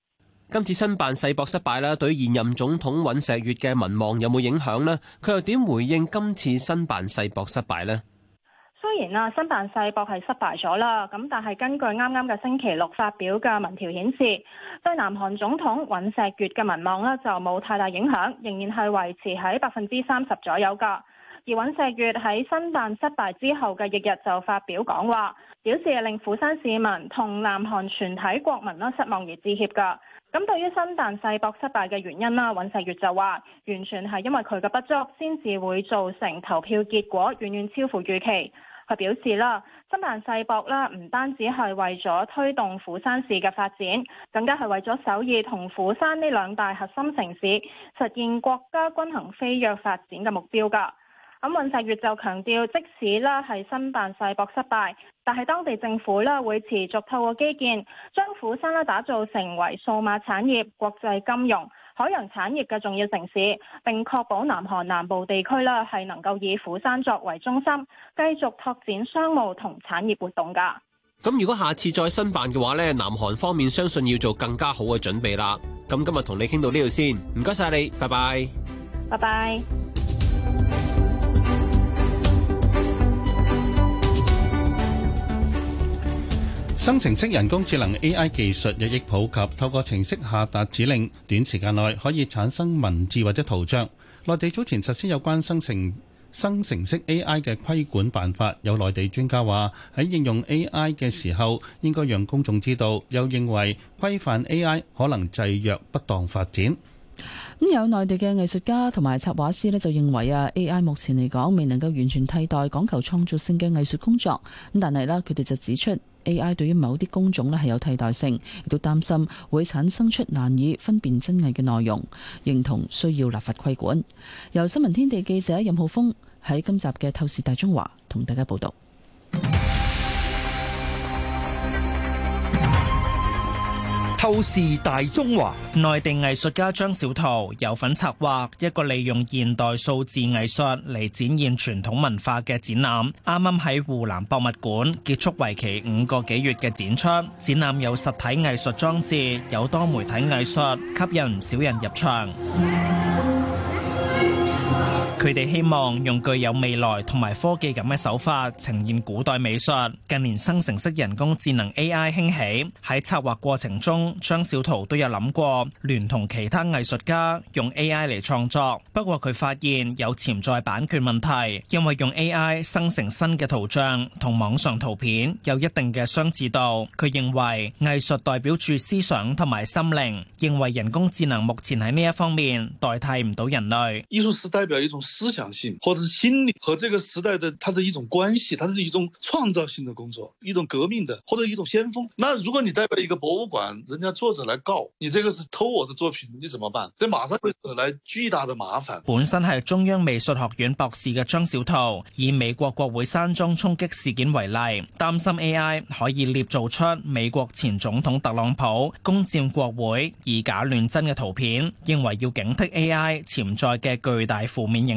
今次申辦世博失敗啦，對現任總統尹錫悅嘅民望有冇影響呢？佢又點回應今次申辦世博失敗呢？雖然啊，申辦世博係失敗咗啦，咁但係根據啱啱嘅星期六發表嘅民調顯示，對南韓總統尹錫悅嘅民望呢，就冇太大影響，仍然係維持喺百分之三十左右噶。而尹錫悅喺申辦失敗之後嘅翌日就發表講話，表示令釜山市民同南韓全體國民啦失望而致歉噶。咁對於申辦世博失敗嘅原因啦，尹錫悅就話：完全係因為佢嘅不足，先至會造成投票結果遠遠超乎預期。佢表示啦，申辦世博啦，唔單止係為咗推動釜山市嘅發展，更加係為咗首爾同釜山呢兩大核心城市實現國家均衡飛躍發展嘅目標㗎。咁尹錫悅就強調，即使啦係申辦世博失敗，但係當地政府咧會持續透過基建將釜山啦打造成為數碼產業、國際金融、海洋產業嘅重要城市，並確保南韓南部地區啦係能夠以釜山作為中心，繼續拓展商務同產業活動㗎。咁如果下次再申辦嘅話呢，南韓方面相信要做更加好嘅準備啦。咁今日同你傾到呢度先，唔該晒你，拜拜，拜拜。生成式人工智能 A.I. 技術日益普及，透過程式下達指令，短時間內可以產生文字或者圖像。內地早前實施有關生成生成式 A.I. 嘅規管辦法，有內地專家話喺應用 A.I. 嘅時候應該讓公眾知道，又認為規範 A.I. 可能制約不當發展。咁有內地嘅藝術家同埋插畫師咧，就認為啊 A.I. 目前嚟講未能夠完全替代講求創造性嘅藝術工作。咁但係呢佢哋就指出。AI 對於某啲工種呢係有替代性，亦都擔心會產生出難以分辨真偽嘅內容，認同需要立法規管。由新聞天地記者任浩峰喺今集嘅透視大中華同大家報道。透視大中華，內地藝術家張小濤有份策劃一個利用現代數字藝術嚟展現傳統文化嘅展覽，啱啱喺湖南博物館結束為期五個幾月嘅展出。展覽有實體藝術裝置，有多媒體藝術，吸引唔少人入場。佢哋希望用具有未來同埋科技感嘅手法呈現古代美術。近年生成式人工智能 AI 興起，喺策劃過程中，張小桃都有諗過聯同其他藝術家用 AI 嚟創作。不過佢發現有潛在版權問題，因為用 AI 生成新嘅圖像同網上圖片有一定嘅相似度。佢認為藝術代表住思想同埋心靈，認為人工智能目前喺呢一方面代替唔到人類。藝術係代表一種。思想性或者是心理和這個時代的它的一種關係，它是一種創造性的工作，一種革命的或者一種先鋒。那如果你代表一個博物館，人家作者來告你這個是偷我的作品，你怎麼辦？這馬上會惹來巨大的麻煩。本身係中央美術學院博士嘅張小濤，以美國國會山莊衝擊事件為例，擔心 AI 可以捏造出美國前總統特朗普攻占國會以假亂真嘅圖片，認為要警惕 AI 潛在嘅巨大負面影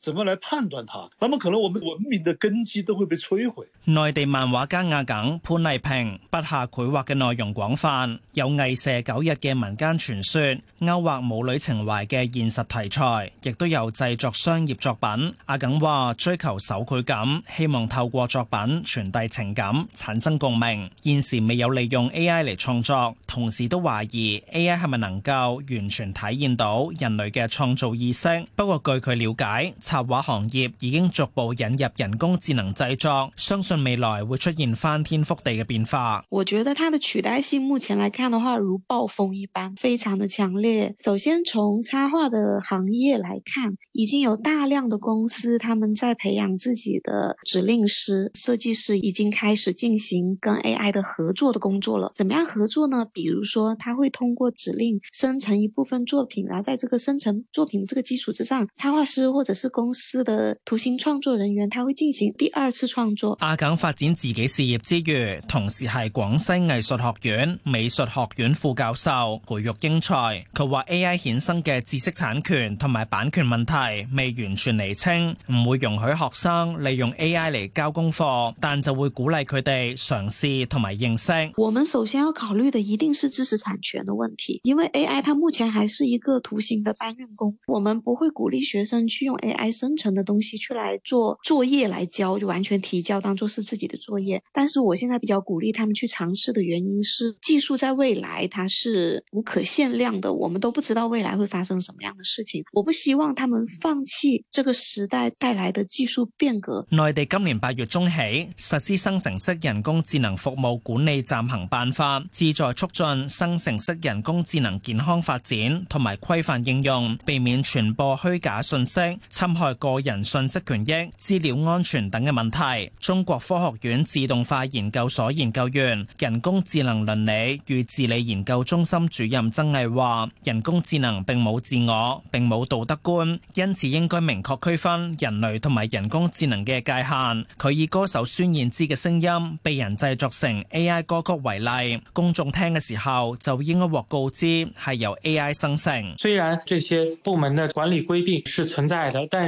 怎麼來判斷它？那麼可能我們文明的根基都會被摧毀。內地漫畫家阿耿潘麗萍筆下繪畫嘅內容廣泛，有羿射九日嘅民間傳說，勾畫母女情懷嘅現實題材，亦都有製作商業作品。阿耿話追求手繪感，希望透過作品傳遞情感，產生共鳴。現時未有利用 A.I. 嚟創作，同時都懷疑 A.I. 係咪能夠完全體現到人類嘅創造意識？不過據佢了解，插畫行業已經逐步引入人工智能製作，相信未來會出現翻天覆地的變化。我覺得它的取代性目前來看的話，如暴風一般，非常的強烈。首先從插畫的行業來看，已經有大量的公司，他們在培養自己的指令師、設計師，已經開始進行跟 AI 的合作的工作了。怎麼樣合作呢？比如說，他會通過指令生成一部分作品，然後在這個生成作品的這個基礎之上，插畫師或者是公司的圖形創作人員，他會進行第二次創作。阿梗發展自己事業之餘，同時係廣西藝術學院美術學院副教授，培育英才。佢話 AI 衍生嘅知識產權同埋版權問題未完全厘清，唔會容許學生利用 AI 嚟交功課，但就會鼓勵佢哋嘗試同埋認識。我們首先要考慮的一定是知識產權的問題，因為 AI 它目前還是一個圖形的搬運工，我們不會鼓勵學生去用 AI。生成的東西去來做作業來交就完全提交當做是自己的作業，但是我現在比較鼓勵他們去嘗試的原因是技術在未來它是無可限量的，我們都不知道未來會發生什麼樣的事情。我不希望他們放棄這個時代帶來的技術變革。內地今年八月中起實施生成式人工智能服務管理暫行辦法，旨在促進生成式人工智能健康發展同埋規範應用，避免傳播虛假信息、侵害個人信息權益、資料安全等嘅問題。中國科學院自動化研究所研究員、人工智能倫理與治理研究中心主任曾毅話：人工智能並冇自我，並冇道德觀，因此應該明確區分人類同埋人工智能嘅界限。佢以歌手孫燕姿嘅聲音被人製作成 AI 歌曲為例，公眾聽嘅時候就應該獲告知係由 AI 生成。雖然這些部門的管理規定是存在的，但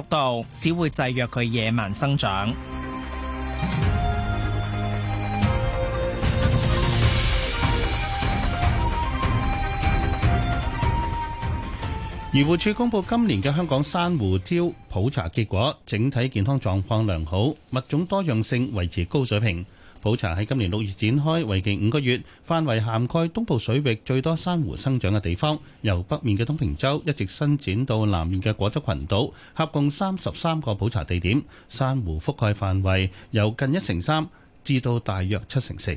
速度只會制約佢野蠻生長。漁護署公布今年嘅香港珊瑚礁普查結果，整體健康狀況良好，物種多樣性維持高水平。普查喺今年六月展開，為期五個月，範圍涵蓋東部水域最多珊瑚生長嘅地方，由北面嘅東平洲一直伸展到南面嘅果德群島，合共三十三個普查地點，珊瑚覆蓋範圍由近一成三至到大約七成四，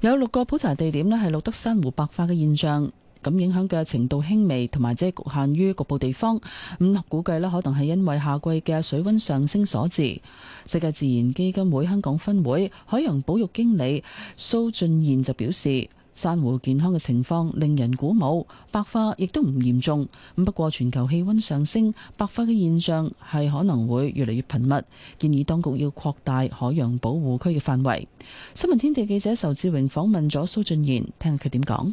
有六個普查地點呢係錄得珊瑚白化嘅現象。咁影響嘅程度輕微，同埋即係局限於局部地方。咁估計咧，可能係因為夏季嘅水溫上升所致。世界自然基金會香港分會海洋保育經理蘇俊賢就表示，珊瑚健康嘅情況令人鼓舞，白化亦都唔嚴重。咁不過，全球氣溫上升，白化嘅現象係可能會越嚟越頻密，建議當局要擴大海洋保護區嘅範圍。新聞天地記者仇志榮訪問咗蘇俊賢，聽下佢點講。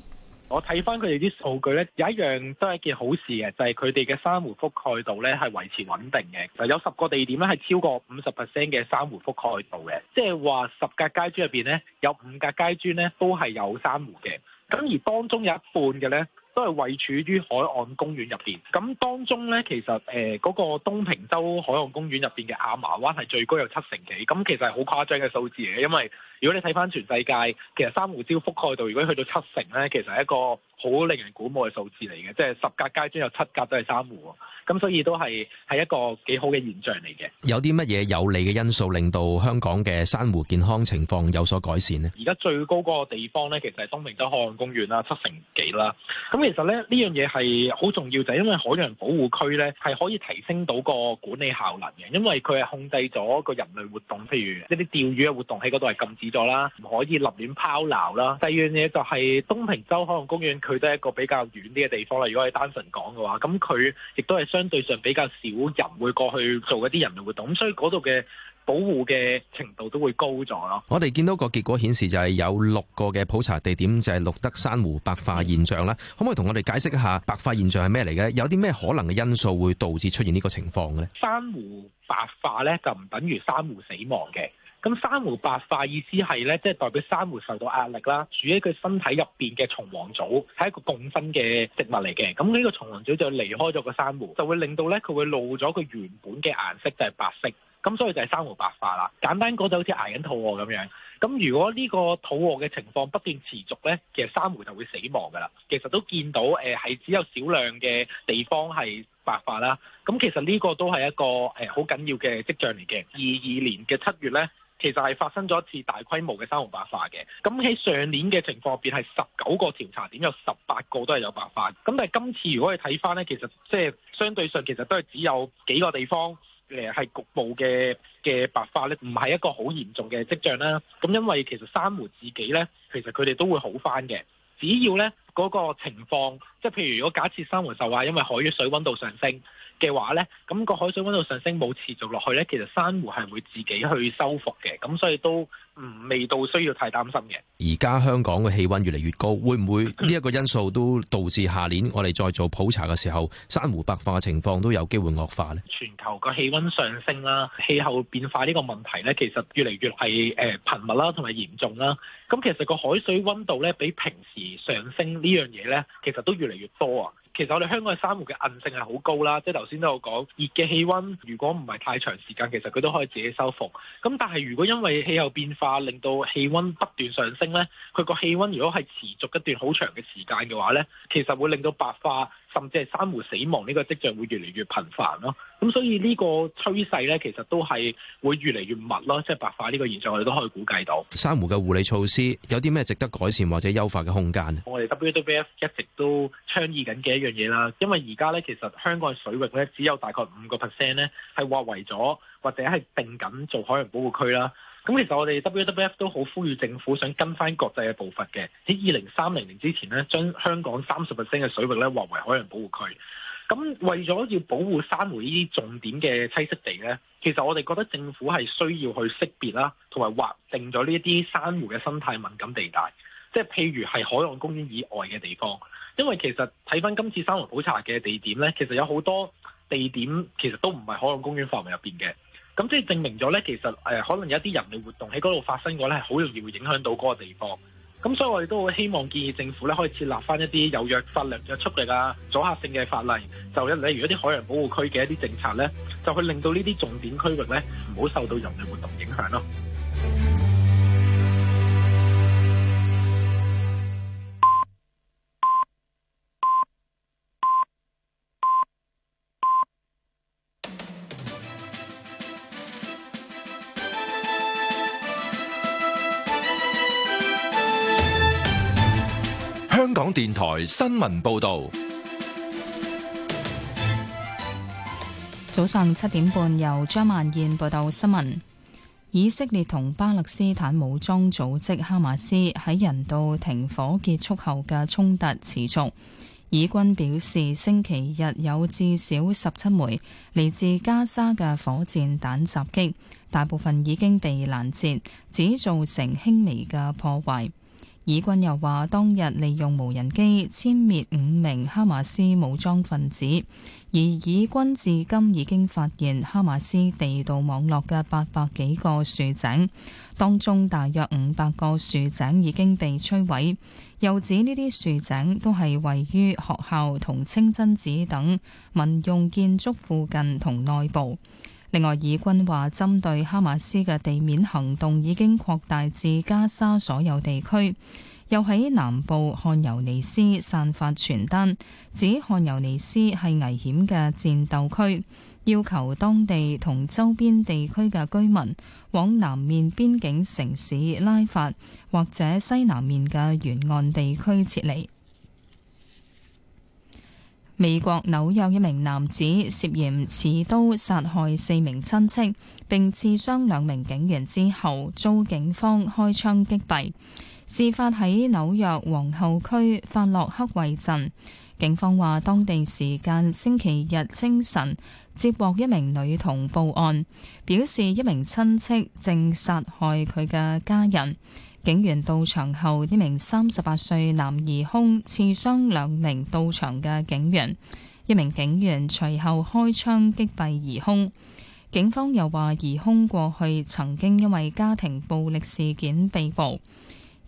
我睇翻佢哋啲數據咧，有一樣都係一件好事嘅，就係佢哋嘅珊瑚覆蓋度咧係維持穩定嘅。就有十個地點咧係超過五十 percent 嘅珊瑚覆蓋度嘅，即係話十格階磚入邊咧，有五格階磚咧都係有珊瑚嘅。咁而當中有一半嘅咧。都係位處於海岸公園入邊，咁當中呢，其實誒嗰、呃那個東平洲海岸公園入邊嘅亞麻灣係最高有七成幾，咁其實係好誇張嘅數字嚟嘅，因為如果你睇翻全世界，其實珊瑚礁覆蓋度如果去到七成呢，其實係一個好令人鼓舞嘅數字嚟嘅，即係十格階磚有七格都係珊瑚，咁所以都係係一個幾好嘅現象嚟嘅。有啲乜嘢有利嘅因素令到香港嘅珊瑚健康情況有所改善呢？而家最高嗰個地方呢，其實係東平洲海岸公園啦，七成幾啦。咁其實咧呢樣嘢係好重要，就係因為海洋保護區呢係可以提升到個管理效能嘅，因為佢係控制咗個人類活動，譬如一啲釣魚嘅活動喺嗰度係禁止咗啦，唔可以立亂拋拋啦。第二樣嘢就係東平洲海岸公園佢都係一個比較遠啲嘅地方啦。如果係單純講嘅話，咁佢亦都係相對上比較少人會過去做一啲人類活動，咁所以嗰度嘅保護嘅程度都會高咗咯。我哋見到個結果顯示就係有六個嘅普查地點就係錄得珊瑚白化現象啦。可唔可以同我哋解釋一下白化現象係咩嚟嘅？有啲咩可能嘅因素會導致出現呢個情況嘅咧？珊瑚白化咧就唔等於珊瑚死亡嘅。咁珊瑚白化意思係咧，即係代表珊瑚受到壓力啦。住喺佢身體入邊嘅蟲黃藻係一個共生嘅植物嚟嘅。咁呢個蟲黃藻就離開咗個珊瑚，就會令到咧佢會露咗佢原本嘅顏色就係白色。咁所以就係珊瑚白化啦。簡單講就好似捱緊肚餓咁樣。咁如果呢個肚餓嘅情況不斷持續咧，其實珊瑚就會死亡噶啦。其實都見到誒係只有少量嘅地方係白化啦。咁其實呢個都係一個誒好緊要嘅跡象嚟嘅。二二年嘅七月咧，其實係發生咗一次大規模嘅珊瑚白化嘅，咁喺上年嘅情況入邊係十九個調查點有十八個都係有白化，咁但係今次如果你睇翻呢，其實即係相對上其實都係只有幾個地方誒係局部嘅嘅白化呢，唔係一個好嚴重嘅跡象啦。咁因為其實珊瑚自己呢，其實佢哋都會好翻嘅，只要呢嗰個情況，即係譬如如果假設珊瑚受害，因為海水溫度上升。嘅話呢，咁個海水溫度上升冇持續落去呢，其實珊瑚係會自己去修復嘅，咁所以都唔未到需要太擔心嘅。而家香港嘅氣温越嚟越高，會唔會呢一個因素都導致下年我哋再做普查嘅時候，珊瑚白化嘅情況都有機會惡化呢？全球個氣温上升啦，氣候變化呢個問題呢，其實越嚟越係誒頻密啦，同埋嚴重啦。咁其實個海水温度呢，比平時上升呢樣嘢呢，其實都越嚟越多啊。其實我哋香港嘅珊瑚嘅韌性係好高啦，即係頭先都有講，熱嘅氣温如果唔係太長時間，其實佢都可以自己修復。咁但係如果因為氣候變化令到氣温不斷上升呢，佢個氣温如果係持續一段好長嘅時間嘅話呢，其實會令到白化。甚至係珊瑚死亡呢個跡象會越嚟越頻繁咯，咁所以呢個趨勢咧，其實都係會越嚟越密咯，即係白化呢個現象，我哋都可以估計到。珊瑚嘅護理措施有啲咩值得改善或者優化嘅空間？我哋 WWF 一直都倡議緊嘅一樣嘢啦，因為而家咧其實香港嘅水域咧只有大概五個 percent 咧係劃為咗或者係定緊做海洋保護區啦。咁其實我哋 WWF 都好呼籲政府想跟翻國際嘅步伐嘅，喺二零三零年之前咧，將香港三十 percent 嘅水域咧劃為海洋保護區。咁為咗要保護珊瑚呢啲重點嘅棲息地咧，其實我哋覺得政府係需要去識別啦，同埋劃定咗呢一啲珊瑚嘅生態敏感地帶，即係譬如係海岸公園以外嘅地方。因為其實睇翻今次珊瑚普查嘅地點咧，其實有好多地點其實都唔係海岸公園範圍入邊嘅。咁即係證明咗咧，其實誒、呃、可能有一啲人類活動喺嗰度發生過咧，係好容易會影響到嗰個地方。咁所以我哋都會希望建議政府咧，可以設立翻一啲有約法律嘅約束力啊，阻嚇性嘅法例，就例如一啲海洋保護區嘅一啲政策咧，就去令到呢啲重點區域咧，唔好受到人類活動影響咯。香港電台新聞報道：早上七點半，由張曼燕報道新聞。以色列同巴勒斯坦武裝組織哈馬斯喺人道停火結束後嘅衝突持續。以軍表示，星期日有至少十七枚嚟自加沙嘅火箭彈襲擊，大部分已經被攔截，只造成輕微嘅破壞。以軍又話，當日利用無人機殲滅五名哈馬斯武裝分子，而以軍至今已經發現哈馬斯地道網絡嘅八百幾個豎井，當中大約五百個豎井已經被摧毀。又指呢啲豎井都係位於學校同清真寺等民用建築附近同內部。另外，以軍話針對哈馬斯嘅地面行動已經擴大至加沙所有地區，又喺南部漢尤尼斯散發傳單，指漢尤尼斯係危險嘅戰鬥區，要求當地同周邊地區嘅居民往南面邊境城市拉法或者西南面嘅沿岸地區撤離。美國紐約一名男子涉嫌持刀殺害四名親戚，並刺傷兩名警員之後，遭警方開槍擊斃。事發喺紐約皇后區法洛克衛鎮，警方話當地時間星期日清晨接獲一名女童報案，表示一名親戚正殺害佢嘅家人。警員到場後，一名三十八歲男疑凶刺傷兩名到場嘅警員，一名警員隨後開槍擊斃疑凶。警方又話，疑凶過去曾經因為家庭暴力事件被捕，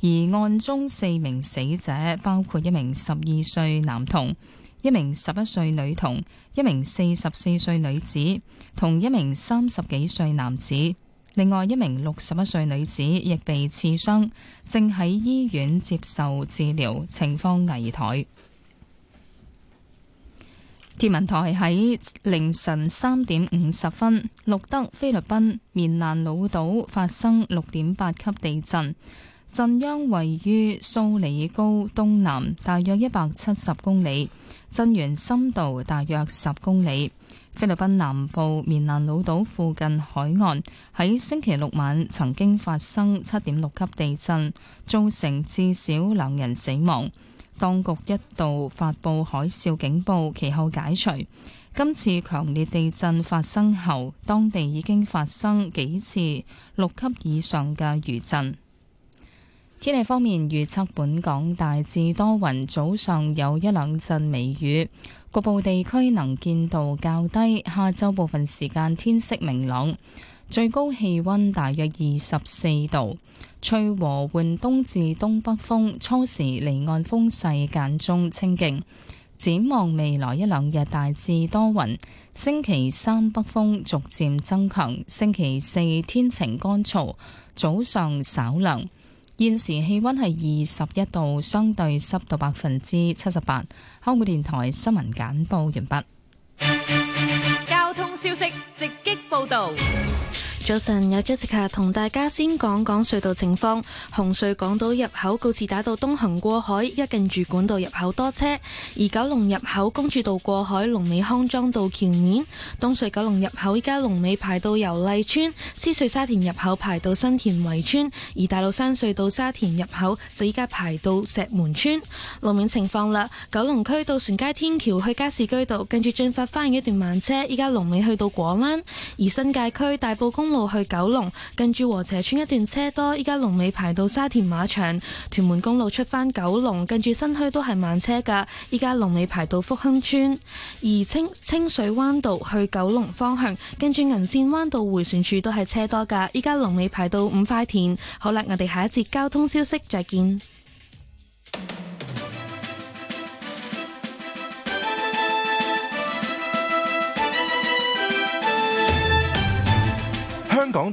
而案中四名死者包括一名十二歲男童、一名十一歲女童、一名四十四歲女子同一名三十幾歲男子。另外一名六十一歲女子亦被刺傷，正喺醫院接受治療，情況危殆。天文台喺凌晨三點五十分，錄得菲律賓棉蘭老島發生六點八級地震，震央位於蘇里高東南大約一百七十公里，震源深度大約十公里。菲律賓南部棉蘭老島附近海岸喺星期六晚曾經發生七點六級地震，造成至少兩人死亡。當局一度發佈海嘯警報，其後解除。今次強烈地震發生後，當地已經發生幾次六級以上嘅餘震。天氣方面預測，本港大致多雲，早上有一兩陣微雨。局部地區能見度較低，下周部分時間天色明朗，最高氣溫大約二十四度。吹和緩東至東北風，初時離岸風勢間中清勁。展望未來一兩日大致多雲，星期三北風逐漸增強，星期四天晴乾燥，早上稍涼。現時氣温係二十一度，相對濕度百分之七十八。香港電台新聞簡報完畢。交通消息直擊報道。早晨，有 Jessica 同大家先講講隧道情況。紅隧港島入口告士打道東行過海，一近住管道入口多車；而九龍入口公主道過海，龍尾康莊道橋面；東隧九龍入口依家龍尾排到油麗村；獅隧沙田入口排到新田圍村；而大老山隧道沙田入口就依家排到石門村。路面情況啦，九龍區渡船街天橋去加士居道跟住進發翻嘅一段慢車，依家龍尾去到果欄；而新界區大埔公路。路去九龍，跟住和斜村一段車多，依家龍尾排到沙田馬場。屯門公路出返九龍，跟住新墟，都係慢車噶，依家龍尾排到福亨村。而清清水灣道去九龍方向，跟住銀線灣道迴旋處都係車多噶，依家龍尾排到五塊田。好啦，我哋下一節交通消息再見。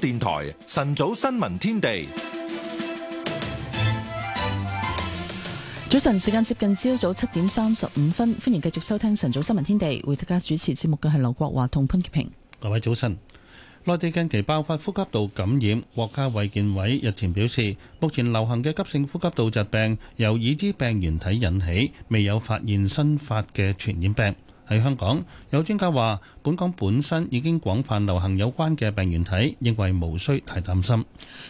電台晨早新聞天地，早晨時間接近朝早七點三十五分，歡迎繼續收聽晨早新聞天地，為大家主持節目嘅係劉國華同潘潔平。各位早晨，內地近期爆發呼吸道感染，國家衛健委日前表示，目前流行嘅急性呼吸道疾病由已知病原體引起，未有發現新發嘅傳染病。喺香港，有專家話：本港本身已經廣泛流行有關嘅病原體，認為無需太擔心。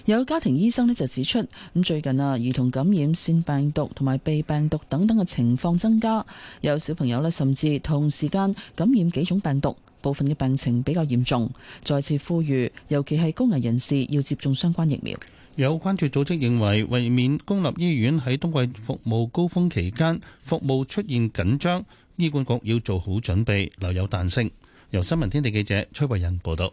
有家庭醫生咧就指出，咁最近啊，兒童感染腺病毒同埋鼻病毒等等嘅情況增加，有小朋友咧甚至同時間感染幾種病毒，部分嘅病情比較嚴重。再次呼籲，尤其係高危人士要接種相關疫苗。有關注組織認為，為免公立醫院喺冬季服務高峰期間服務出現緊張。醫管局要做好準備，留有彈性。由新聞天地記者崔慧仁報道。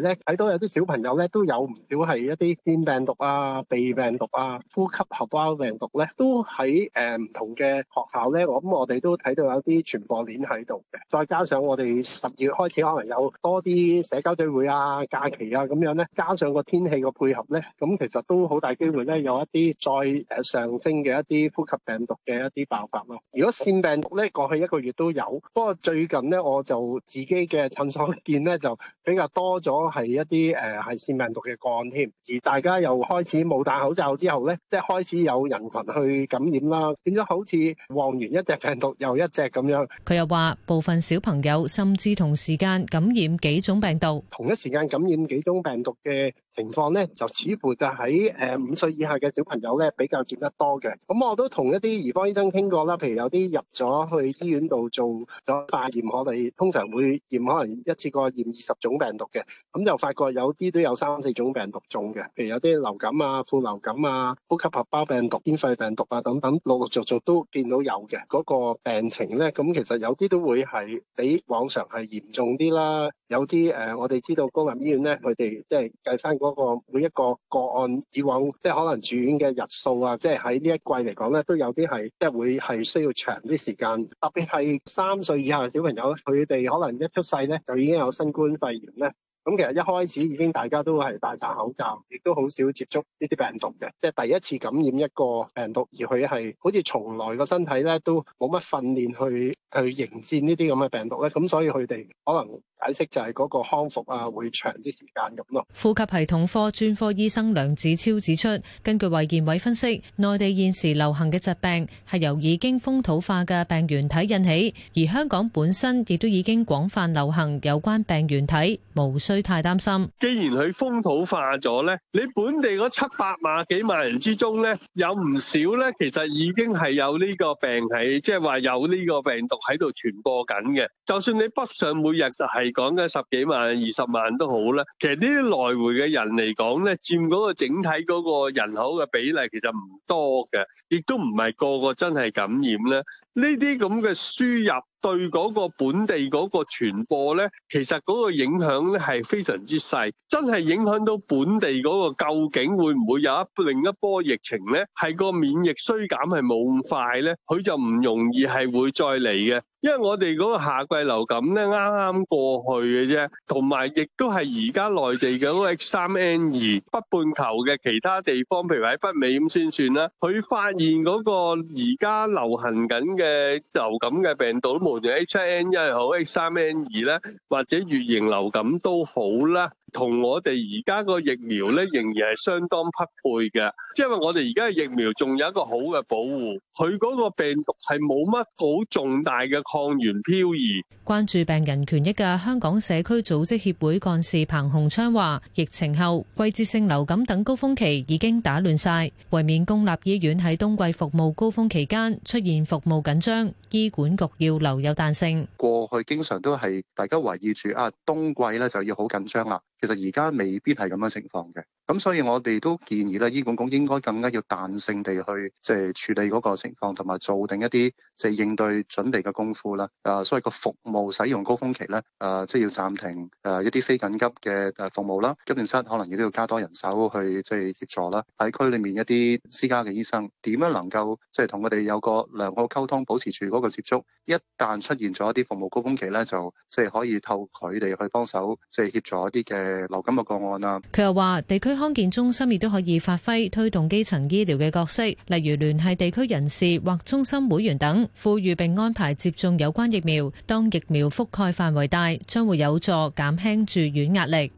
咧睇到有啲小朋友咧都有唔少係一啲腺病毒啊、鼻病毒啊、呼吸合胞病毒咧，都喺誒唔同嘅學校咧，咁我哋都睇到有啲傳播鏈喺度嘅。再加上我哋十月開始可能有多啲社交聚會啊、假期啊咁樣咧，加上個天氣個配合咧，咁其實都好大機會咧有一啲再誒上升嘅一啲呼吸病毒嘅一啲爆發咯。如果腺病毒咧過去一個月都有，不過最近咧我就自己嘅診所見咧就比較多咗。都係一啲誒，係腺病毒嘅個案添，而大家又開始冇戴口罩之後咧，即係開始有人群去感染啦，變咗好似旺完一隻病毒又一隻咁樣。佢又話，部分小朋友甚至同時間感染幾種病毒，同一時間感染幾種病毒嘅。情況咧就似乎就喺誒五歲以下嘅小朋友咧比較接得多嘅。咁、嗯、我都同一啲兒科醫生傾過啦，譬如有啲入咗去醫院度做咗化驗，我哋通常會驗可能一次過驗二十種病毒嘅。咁、嗯、就發覺有啲都有三四種病毒中嘅，譬如有啲流感啊、副流感啊、呼吸合胞病毒、偏肺病毒啊等等，陸陸續續都見到有嘅嗰、那個病情咧。咁、嗯、其實有啲都會係比往常係嚴重啲啦。有啲誒、呃，我哋知道公立醫院咧，佢哋即係計翻。嗰個每一個個案，以往即係可能住院嘅日數啊，即係喺呢一季嚟講咧，都有啲係即係會係需要長啲時間，特別係三歲以下嘅小朋友，佢哋可能一出世咧就已經有新冠肺炎咧。咁其實一開始已經大家都係戴住口罩，亦都好少接觸呢啲病毒嘅，即係第一次感染一個病毒，而佢係好似從來個身體咧都冇乜訓練去去迎戰呢啲咁嘅病毒咧，咁所以佢哋可能解釋就係嗰個康復啊會長啲時間咁咯。呼吸系統科專科醫生梁子超指出，根據衛健委分析，內地現時流行嘅疾病係由已經風土化嘅病原體引起，而香港本身亦都已經廣泛流行有關病原體，無需。太擔心。既然佢風土化咗咧，你本地嗰七百萬幾萬人之中咧，有唔少咧，其實已經係有呢個病喺，即係話有呢個病毒喺度傳播緊嘅。就算你北上每日就係講緊十幾萬、二十萬都好啦，其實呢啲來回嘅人嚟講咧，佔嗰個整體嗰個人口嘅比例其實唔多嘅，亦都唔係個個真係感染咧。呢啲咁嘅輸入對嗰個本地嗰個傳播呢，其實嗰個影響呢係非常之細，真係影響到本地嗰個究竟會唔會有一另一波疫情呢？係個免疫衰減係冇咁快呢，佢就唔容易係會再嚟嘅。因為我哋嗰個夏季流感咧，啱啱過去嘅啫，同埋亦都係而家內地嘅嗰個 H 三 N 二，北半球嘅其他地方，譬如喺北美咁先算啦。佢發現嗰個而家流行緊嘅流感嘅病毒，無論 H 一 N 一又好，H 三 N 二咧，或者乙型流感都好啦。同我哋而家個疫苗咧，仍然係相當匹配嘅，因為我哋而家嘅疫苗仲有一個好嘅保護，佢嗰個病毒係冇乜好重大嘅抗原漂移。關注病人權益嘅香港社區組織協會幹事彭鴻昌話：疫情後季節性流感等高峯期已經打亂曬，為免公立醫院喺冬季服務高峯期間出現服務緊張，醫管局要留有彈性。過去經常都係大家懷疑住啊，冬季咧就要好緊張啦。其實而家未必係咁樣情況嘅，咁所以我哋都建議咧，醫管局應該更加要彈性地去即係、就是、處理嗰個情況，同埋做定一啲即係應對準備嘅功夫啦。啊，所謂個服務使用高峰期咧，啊即係、就是、要暫停誒一啲非緊急嘅誒服務啦，急症室可能亦都要加多人手去即係協助啦。喺區裏面一啲私家嘅醫生，點樣能夠即係同佢哋有個良好溝通，保持住嗰個接觸，一旦出現咗一啲服務高峰期咧，就即係可以透過佢哋去幫手即係協助一啲嘅。流感嘅個案啦，佢又話：地區康健中心亦都可以發揮推動基層醫療嘅角色，例如聯繫地區人士或中心會員等，呼籲並安排接種有關疫苗。當疫苗覆蓋範圍大，將會有助減輕住院壓力。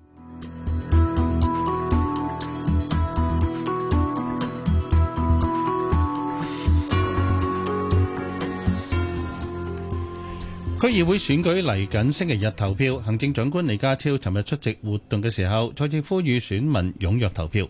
區議會選舉嚟緊星期日投票，行政長官李家超尋日出席活動嘅時候，再次呼籲選民踴躍投票。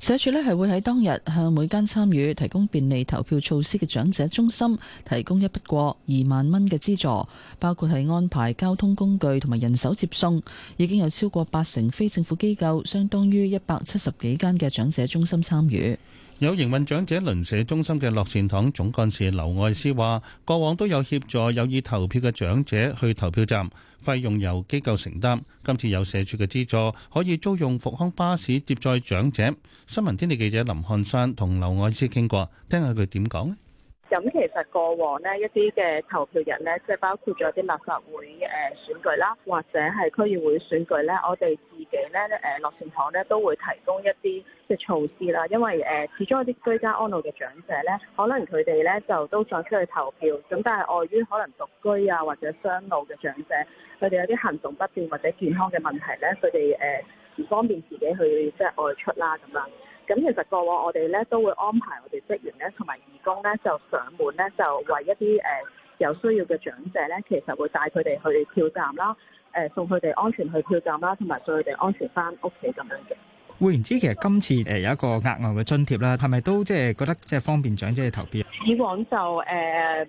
社署呢係會喺當日向每間參與提供便利投票措施嘅長者中心提供一筆過二萬蚊嘅資助，包括係安排交通工具同埋人手接送。已經有超過八成非政府機構，相當於一百七十幾間嘅長者中心參與。有營運長者鄰舍中心嘅樂善堂總幹事劉愛思話，過往都有協助有意投票嘅長者去投票站，費用由機構承擔。今次有社署嘅資助，可以租用復康巴士接載長者。新聞天地記者林漢山同劉愛思傾過，聽下佢點講咧。咁其實過往呢一啲嘅投票日呢，即係包括咗啲立法會誒選舉啦，或者係區議會選舉呢，我哋自己呢，誒樂善堂呢都會提供一啲嘅措施啦，因為誒始終有一啲居家安老嘅長者呢，可能佢哋呢就都再出去投票，咁但係礙於可能獨居啊或者雙老嘅長者，佢哋有啲行動不便或者健康嘅問題呢，佢哋誒唔方便自己去即係外出啦咁啦。咁其實過往我哋咧都會安排我哋職員咧同埋義工咧就上門咧就為一啲誒、呃、有需要嘅長者咧，其實會帶佢哋去票站啦，誒、呃、送佢哋安全去票站啦，同埋送佢哋安全翻屋企咁樣嘅。換言之，其實今次誒有一個額外嘅津貼啦，係咪都即係覺得即係方便長者嘅投票？以往就誒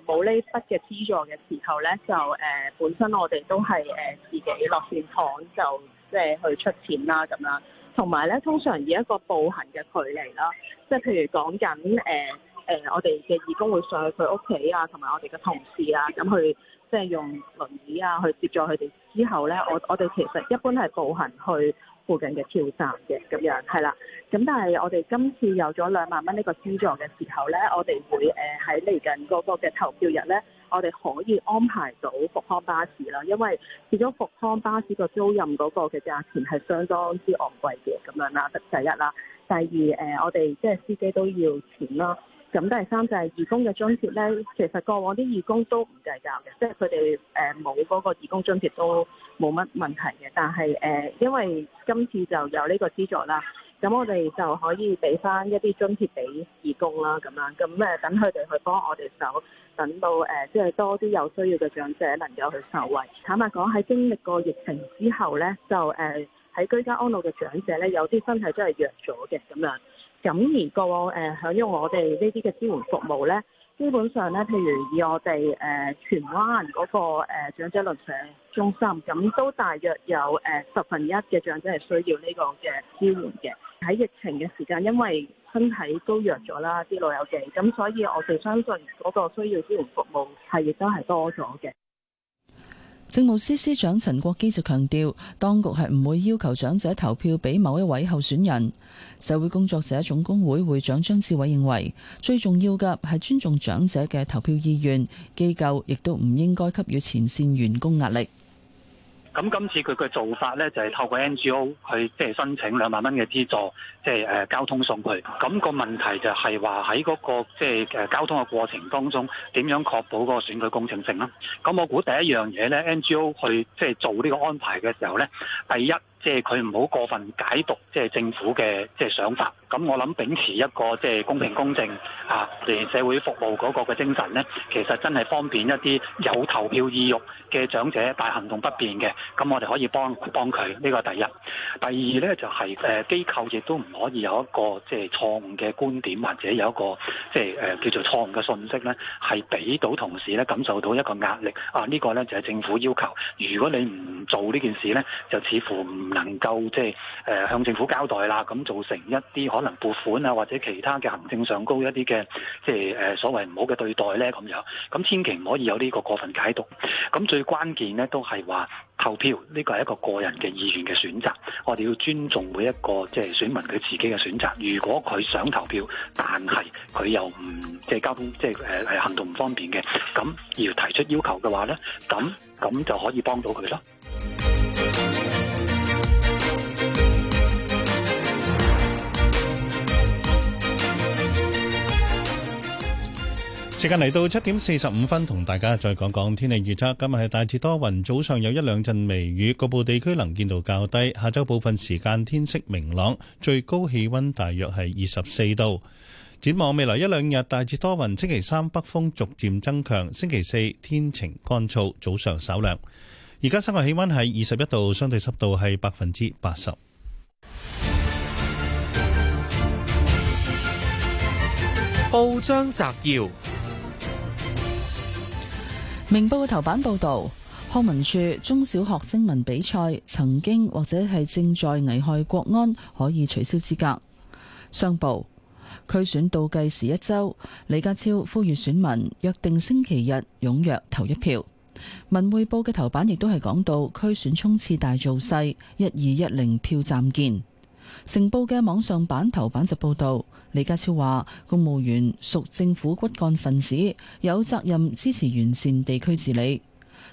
冇呢筆嘅資助嘅時候咧，就誒、呃、本身我哋都係誒、呃、自己落善堂就即係、呃、去出錢啦咁啦。同埋咧，通常以一個步行嘅距離啦，即係譬如講緊誒誒、呃呃，我哋嘅義工會上去佢屋企啊，同埋我哋嘅同事啊，咁去即係用輪椅啊去接載佢哋。之後咧，我我哋其實一般係步行去。附近嘅票站嘅咁樣，係啦。咁但係我哋今次有咗兩萬蚊呢個資助嘅時候呢，我哋會誒喺嚟緊嗰個嘅投票日呢，我哋可以安排到復康巴士啦。因為始咗復康巴士租賃個租任嗰個嘅價錢係相當之昂貴嘅咁樣啦，第一啦，第二誒，我哋即係司機都要錢啦。咁第三就係、是、義工嘅津貼咧，其實過往啲義工都唔計較嘅，即係佢哋誒冇嗰個義工津貼都冇乜問題嘅。但係誒、呃，因為今次就有呢個資助啦，咁我哋就可以俾翻一啲津貼俾義工啦，咁樣咁誒等佢哋去幫我哋手，等到誒即係多啲有需要嘅長者能夠去受惠。坦白講喺經歷過疫情之後咧，就誒。呃喺居家安老嘅長者咧，有啲身體真係弱咗嘅咁樣。咁而、那個誒、呃、享用我哋呢啲嘅支援服務咧，基本上咧，譬如以我哋誒荃灣嗰、那個誒、呃、長者鄰舍中心，咁都大約有誒、呃、十分一嘅長者係需要呢個嘅支援嘅。喺疫情嘅時間，因為身體都弱咗啦，啲老友記，咁所以我哋相信嗰個需要支援服務係亦都係多咗嘅。政務司司長陳國基就強調，當局係唔會要求長者投票俾某一位候選人。社會工作者總工會會長張志偉認為，最重要嘅係尊重長者嘅投票意願，機構亦都唔應該給予前線員工壓力。咁今次佢嘅做法咧，就係、是、透過 NGO 去即係申請兩萬蚊嘅資助，即係誒交通送去。咁、那個問題就係話喺嗰個即係誒交通嘅過程當中，點樣確保嗰個選舉公正性啦？咁我估第一樣嘢咧，NGO 去即係、就是、做呢個安排嘅時候咧，第一。即係佢唔好過分解讀，即係政府嘅即係想法。咁我諗秉持一個即係公平公正啊，社會服務嗰個嘅精神咧，其實真係方便一啲有投票意欲嘅長者，但行動不便嘅。咁我哋可以幫幫佢，呢個第一。第二呢，就係誒機構亦都唔可以有一個即係錯誤嘅觀點，或者有一個即係誒叫做錯誤嘅信息呢，係俾到同事咧，感受到一個壓力。啊，呢個呢，就係政府要求。如果你唔做呢件事呢，就似乎唔唔能夠即係誒向政府交代啦，咁造成一啲可能撥款啊，或者其他嘅行政上高一啲嘅即係誒所謂唔好嘅對待咧，咁樣，咁千祈唔可以有呢個過分解讀，咁最關鍵咧都係話投票呢個係一個個人嘅意願嘅選擇，我哋要尊重每一個即係、就是、選民佢自己嘅選擇，如果佢想投票，但係佢又唔即係交通即係誒誒行動唔方便嘅，咁要提出要求嘅話咧，咁咁就可以幫到佢咯。時間嚟到七點四十五分，同大家再講講天氣預測。今日係大致多雲，早上有一兩陣微雨，局部地區能見度較低。下周部分時間天色明朗，最高氣溫大約係二十四度。展望未來一兩日大致多雲，星期三北風逐漸增強，星期四天晴乾燥，早上稍涼。而家室外氣溫係二十一度，相對濕度係百分之八十。報章摘要。明報嘅頭版報道，康文署中小學徵文比賽曾經或者係正在危害國安，可以取消資格。商報區選倒計時一周，李家超呼籲選民約定星期日踴躍投一票。文匯報嘅頭版亦都係講到區選衝刺大造勢，一二一零票站見。成報嘅網上版頭版就報道。李家超話：，公務員屬政府骨幹分子，有責任支持完善地區治理。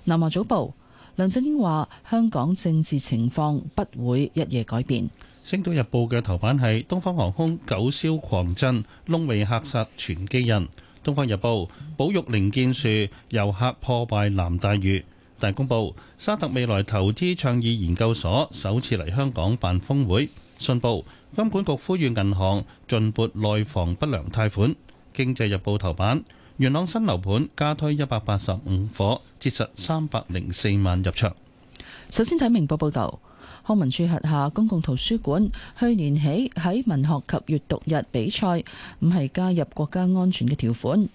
南華早報，梁振英話：香港政治情況不會一夜改變。星島日報嘅頭版係：東方航空九霄狂震，窿尾嚇殺全機人。東方日報，保育零建樹，遊客破壞南大嶼。大公報，沙特未來投資倡議研究所首次嚟香港辦峰會。信報。金管局呼籲銀行盡撥內房不良貸款。經濟日報頭版，元朗新樓盤加推一百八十五伙，折實三百零四萬入場。首先睇明報報道，康文署轄下公共圖書館去年起喺文學及閱讀日比賽，唔係加入國家安全嘅條款。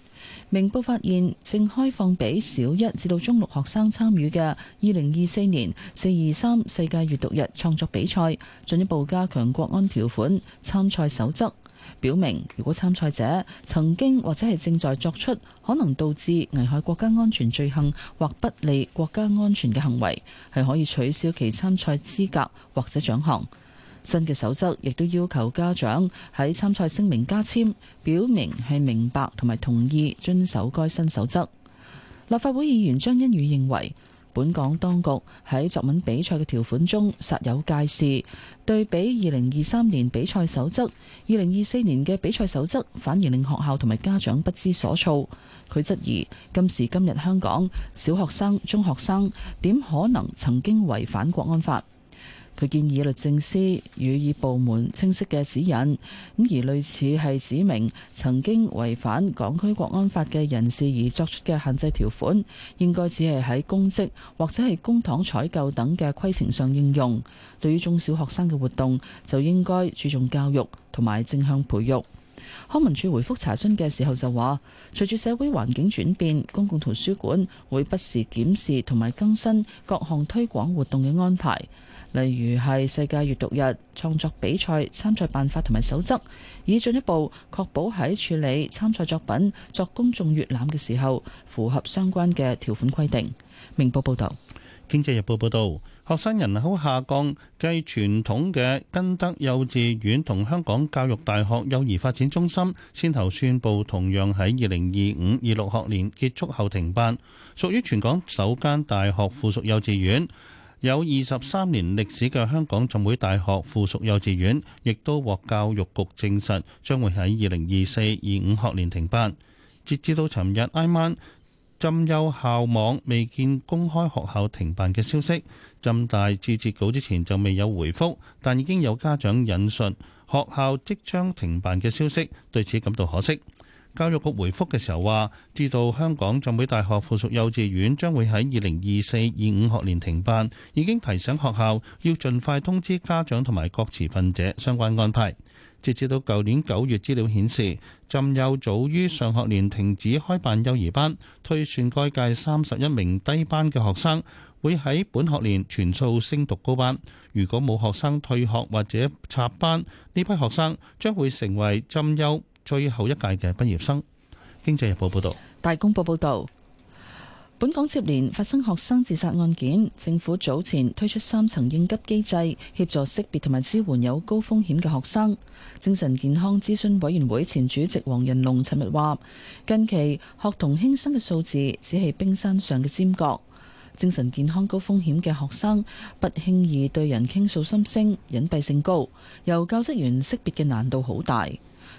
明報發現，正開放俾小一至到中六學生參與嘅二零二四年四二三世界閱讀日創作比賽，進一步加強國安條款參賽守則，表明如果參賽者曾經或者係正在作出可能導致危害國家安全罪行或不利國家安全嘅行為，係可以取消其參賽資格或者獎項。新嘅守則亦都要求家長喺參賽聲明加簽，表明係明白同埋同意遵守該新守則。立法會議員張欣宇認為，本港當局喺作文比賽嘅條款中煞有介事，對比二零二三年比賽守則，二零二四年嘅比賽守則反而令學校同埋家長不知所措。佢質疑今時今日香港小學生、中學生點可能曾經違反國安法？佢建議律政司予以部門清晰嘅指引，咁而類似係指明曾經違反港區國安法嘅人士而作出嘅限制條款，應該只係喺公職或者係公帑採購等嘅規程上應用。對於中小學生嘅活動，就應該注重教育同埋正向培育。康文署回覆查詢嘅時候就話，隨住社會環境轉變，公共圖書館會不時檢視同埋更新各項推廣活動嘅安排。例如係世界閱讀日創作比賽參賽辦法同埋守則，以進一步確保喺處理參賽作品作公眾閲覽嘅時候，符合相關嘅條款規定。明報報導，《經濟日報》報導，學生人口下降，繼傳統嘅根德幼稚園同香港教育大學幼兒發展中心先後宣佈，同樣喺二零二五二六學年結束後停辦，屬於全港首間大學附屬幼稚園。有二十三年歷史嘅香港浸會大學附屬幼稚園，亦都獲教育局證實將會喺二零二四二五學年停辦。截至到尋日，挨晚浸幼校網未見公開學校停辦嘅消息。浸大至截稿之前就未有回覆，但已經有家長引述學校即將停辦嘅消息，對此感到可惜。教育局回覆嘅時候話，知道香港浸會大學附屬幼稚園將會喺二零二四二五學年停辦，已經提醒學校要盡快通知家長同埋各持份者相關安排。截至到舊年九月，資料顯示浸幼早於上學年停止開辦幼兒班，推算該屆三十一名低班嘅學生會喺本學年全數升讀高班。如果冇學生退學或者插班，呢批學生將會成為浸幼。最後一屆嘅畢業生，《經濟日報》報導，《大公報》報導，本港接連發生學生自殺案件，政府早前推出三層應急機制，協助識別同埋支援有高風險嘅學生。精神健康諮詢委員會前主席黃仁龍尋日話，近期學童輕生嘅數字只係冰山上嘅尖角，精神健康高風險嘅學生不輕易對人傾訴心聲，隱蔽性高，由教職員識別嘅難度好大。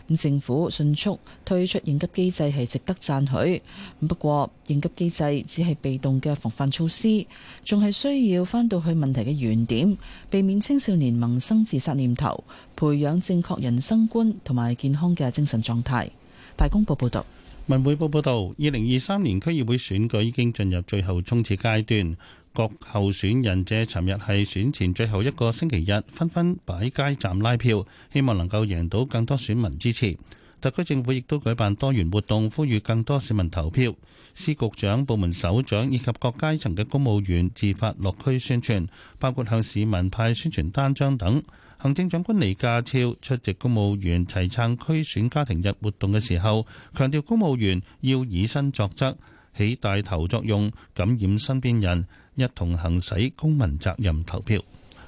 咁政府迅速推出應急機制係值得讚許，不過應急機制只係被動嘅防範措施，仲係需要翻到去問題嘅原點，避免青少年萌生自殺念頭，培養正確人生觀同埋健康嘅精神狀態。大公報報道，文匯報報道，二零二三年區議會選舉已經進入最後衝刺階段。各候選人借尋日係選前最後一個星期日，紛紛擺街站拉票，希望能夠贏到更多選民支持。特區政府亦都舉辦多元活動，呼籲更多市民投票。司局長、部門首長以及各階層嘅公務員自發落區宣傳，包括向市民派宣傳單張等。行政長官李家超出席公務員齊撐區選家庭日活動嘅時候，強調公務員要以身作則，起帶頭作用，感染身邊人。一同行使公民責任投票。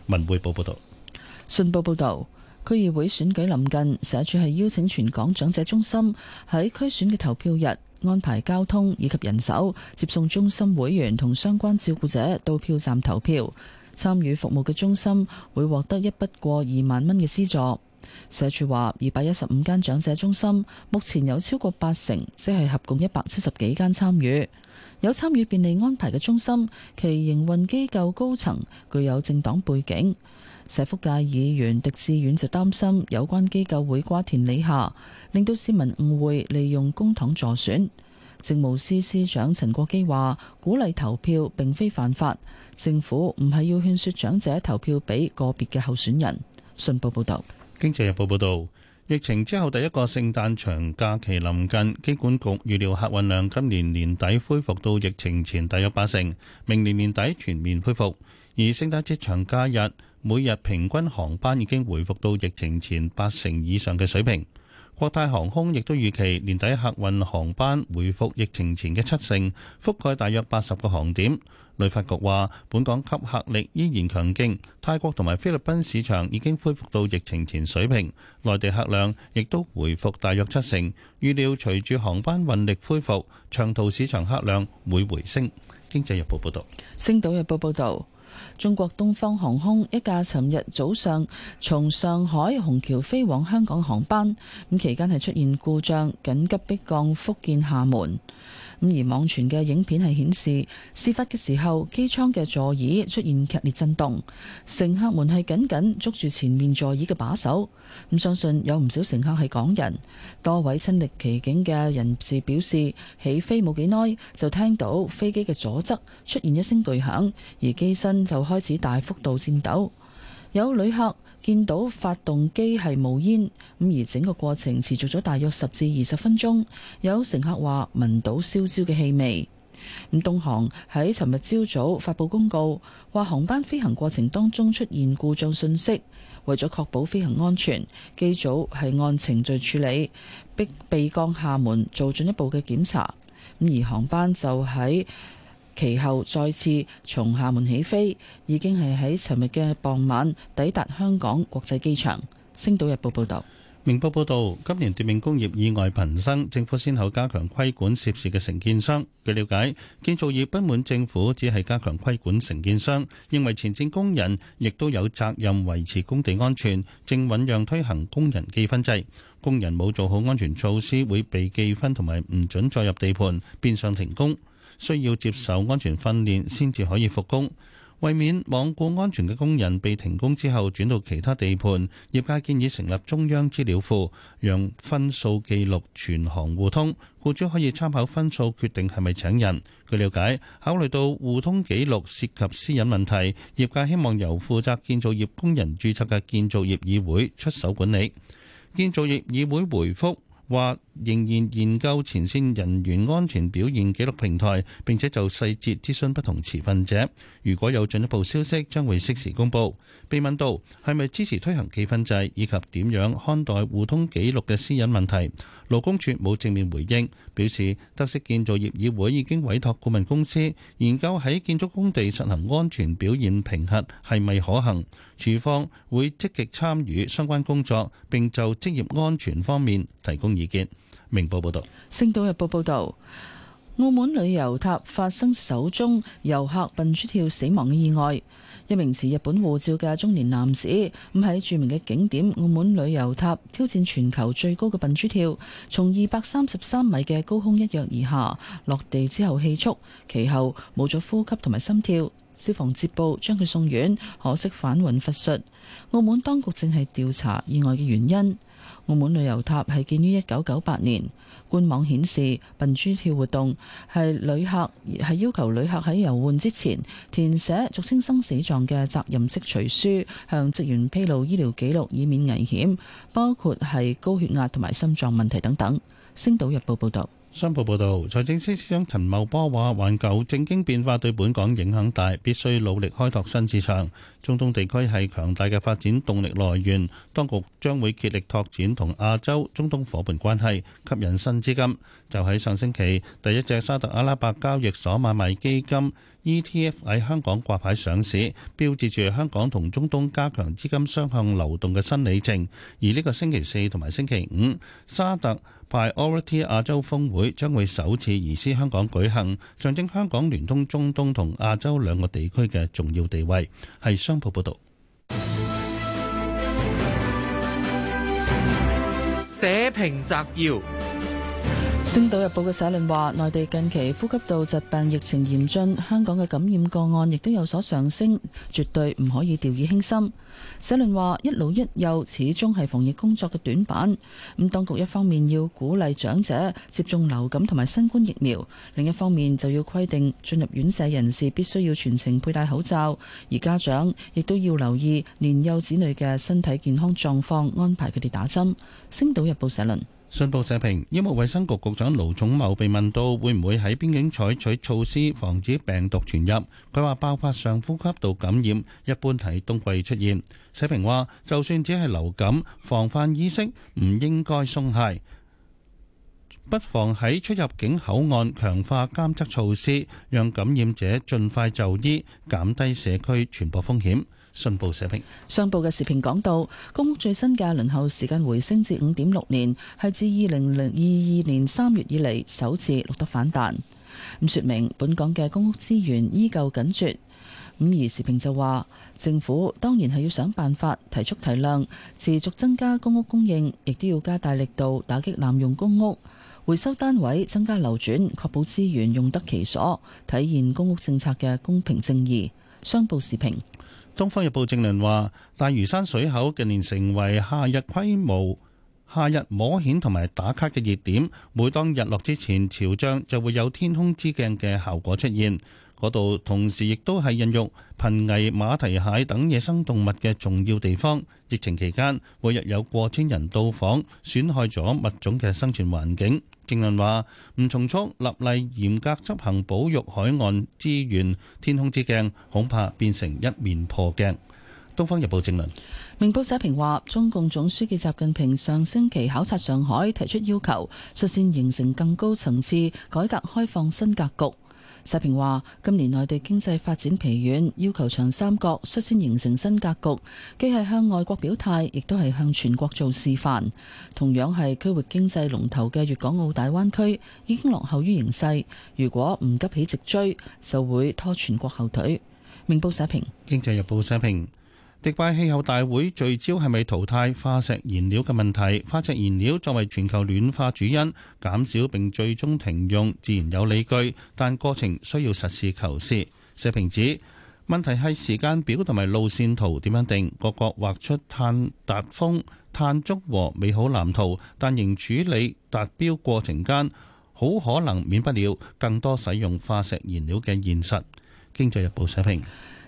文匯報報道，信報報道，區議會選舉臨近，社署係邀請全港長者中心喺區選嘅投票日安排交通以及人手接送中心會員同相關照顧者到票站投票。參與服務嘅中心會獲得一筆過二萬蚊嘅資助。社署話，二百一十五間長者中心目前有超過八成，即係合共一百七十幾間參與。有參與便利安排嘅中心，其營運機構高層具有政黨背景。社福界議員狄志遠就擔心有關機構會瓜田李下，令到市民誤會利用公帑助選。政務司司長陳國基話：鼓勵投票並非犯法，政府唔係要勸説長者投票俾個別嘅候選人。信報報導，《經濟日報》報導。疫情之後第一個聖誕長假期臨近，機管局預料客運量今年年底恢復到疫情前大約八成，明年年底全面恢復。而聖誕節長假日，每日平均航班已經恢復到疫情前八成以上嘅水平。國泰航空亦都預期年底客運航班回復疫情前嘅七成，覆蓋大約八十個航點。旅發局話，本港吸客力依然強勁，泰國同埋菲律賓市場已經恢復到疫情前水平，內地客量亦都回復大約七成。預料隨住航班運力恢復，長途市場客量會回升。經濟日報報道，星島日報報道。中國東方航空一架尋日早上從上海虹橋飛往香港航班，咁期間係出現故障，緊急迫降福建廈門。咁而網傳嘅影片係顯示，事發嘅時候，機艙嘅座椅出現劇烈震動，乘客們係緊緊捉住前面座椅嘅把手。咁相信有唔少乘客係港人，多位親歷其境嘅人士表示，起飛冇幾耐就聽到飛機嘅左側出現一聲巨響，而機身就開始大幅度顫抖。有旅客，見到發動機係冒煙咁，而整個過程持續咗大約十至二十分鐘。有乘客話聞到燒焦嘅氣味。咁東航喺尋日朝早發布公告，話航班飛行過程當中出現故障信息，為咗確保飛行安全，機組係按程序處理，逼備降廈門做進一步嘅檢查。咁而航班就喺。其後再次從廈門起飛，已經係喺尋日嘅傍晚抵達香港國際機場。星島日報報道。明報報道，今年奪命工業意外頻生，政府先後加強規管涉事嘅承建商。據了解，建造業不滿政府只係加強規管承建商，認為前線工人亦都有責任維持工地安全，正醖釀推行工人記分制。工人冇做好安全措施，會被記分同埋唔準再入地盤，變相停工。需要接受安全訓練先至可以復工，為免罔顧安全嘅工人被停工之後轉到其他地盤，業界建議成立中央資料庫，讓分數記錄全行互通，僱主可以參考分數決定係咪請人。據了解，考慮到互通記錄涉及私隱問題，業界希望由負責建造業工人註冊嘅建造業議會出手管理。建造業議會回覆話，仍然研究前線人員安全表現記錄平台，並且就細節諮詢不同持份者。如果有進一步消息，將會適時公佈。被問到係咪支持推行記分制以及點樣看待互通記錄嘅私隱問題，勞工處冇正面回應，表示德式建造業議會已經委託顧問公司研究喺建築工地實行安全表現評核係咪可行，處方會積極參與相關工作並就職業安全方面提供意見。明報報道，《星島日報》報道，澳門旅遊塔發生首宗遊客笨豬跳死亡嘅意外。一名持日本護照嘅中年男子，咁喺著名嘅景點澳門旅遊塔挑戰全球最高嘅笨豬跳，從二百三十三米嘅高空一躍而下，落地之後氣促，其後冇咗呼吸同埋心跳，消防接報將佢送院，可惜反魂乏術。澳門當局正係調查意外嘅原因。澳門旅遊塔係建於一九九八年，官網顯示，笨豬跳活動係旅客係要求旅客喺遊玩之前填寫俗稱生死狀嘅責任釋除書，向職員披露醫療記錄以免危險，包括係高血壓同埋心臟問題等等。星島日報報道。商報報導，財政司司長陳茂波話，環球政經變化對本港影響大，必須努力開拓新市場。中東地區係強大嘅發展動力來源，當局將會竭力拓展同亞洲、中東伙伴關係，吸引新資金。就喺上星期，第一隻沙特阿拉伯交易所買賣基金 ETF 喺香港掛牌上市，標誌住香港同中東加強資金雙向流動嘅新里程。而呢個星期四同埋星期五，沙特。Priority 亞洲峰會將會首次移師香港舉行，象徵香港聯通中東同亞洲兩個地區嘅重要地位。係商報報導。社評摘要。星島日報嘅社論話，內地近期呼吸道疾病疫情嚴峻，香港嘅感染個案亦都有所上升，絕對唔可以掉以輕心。社論話，一老一幼始終係防疫工作嘅短板。咁當局一方面要鼓勵長者接種流感同埋新冠疫苗，另一方面就要規定進入院舍人士必須要全程佩戴口罩，而家長亦都要留意年幼子女嘅身體健康狀況，安排佢哋打針。星島日報社論。信報社評，醫務衛生局局長盧寵茂被問到會唔會喺邊境採取措施防止病毒傳入，佢話爆發上呼吸道感染一般喺冬季出現。社評話，就算只係流感，防範意識唔應該鬆懈，不妨喺出入境口岸強化監測措施，讓感染者盡快就醫，減低社區傳播風險。信報社評，商報嘅時評講到，公屋最新嘅輪候時間回升至五點六年，係自二零二二年三月以嚟首次錄得反彈。咁說明本港嘅公屋資源依舊緊缺。咁而時評就話，政府當然係要想辦法提速提量，持續增加公屋供應，亦都要加大力度打擊濫用公屋、回收單位、增加流轉，確保資源用得其所，體現公屋政策嘅公平正義。商報時評。東方日報正論話，大嶼山水口近年成為夏日規模、夏日摸蜆同埋打卡嘅熱點。每當日落之前潮漲，就會有天空之鏡嘅效果出現。嗰度同時亦都係孕育瀕危馬蹄蟹等野生動物嘅重要地方。疫情期間，每日有過千人到訪，損害咗物種嘅生存環境。正論話：唔從速立例，嚴格執行保育海岸資源，天空之鏡恐怕變成一面破鏡。東方日報正論，明報社評話：中共總書記習近平上星期考察上海，提出要求，率先形成更高層次改革開放新格局。社評話：今年內地經濟發展疲軟，要求長三角率先形成新格局，既係向外國表態，亦都係向全國做示範。同樣係區域經濟龍頭嘅粵港澳大灣區，已經落後於形勢，如果唔急起直追，就會拖全國後腿。明報社評。經濟日報社評。迪拜氣候大會聚焦係咪淘汰化石燃料嘅問題？化石燃料作為全球暖化主因，減少並最終停用自然有理據，但過程需要實事求是。社評指問題係時間表同埋路線圖點樣定？各國畫出碳達峰、碳足和美好藍圖，但仍處理達標過程間，好可能免不了更多使用化石燃料嘅現實。經濟日報社評。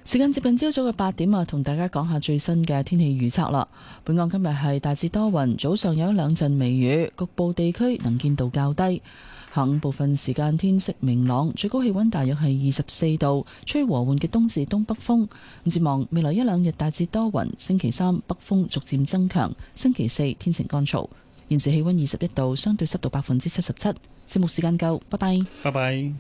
時間接近朝早嘅八點啊，同大家講下最新嘅天氣預測啦。本港今日係大致多雲，早上有一兩陣微雨，局部地區能見度較低。下午部分時間天色明朗，最高氣温大約係二十四度，吹和緩嘅東至東北風。咁展望未來一兩日大致多雲，星期三北風逐漸增強，星期四天晴乾燥。現時氣温二十一度，相對濕度百分之七十七。節目時間夠，拜拜。拜拜。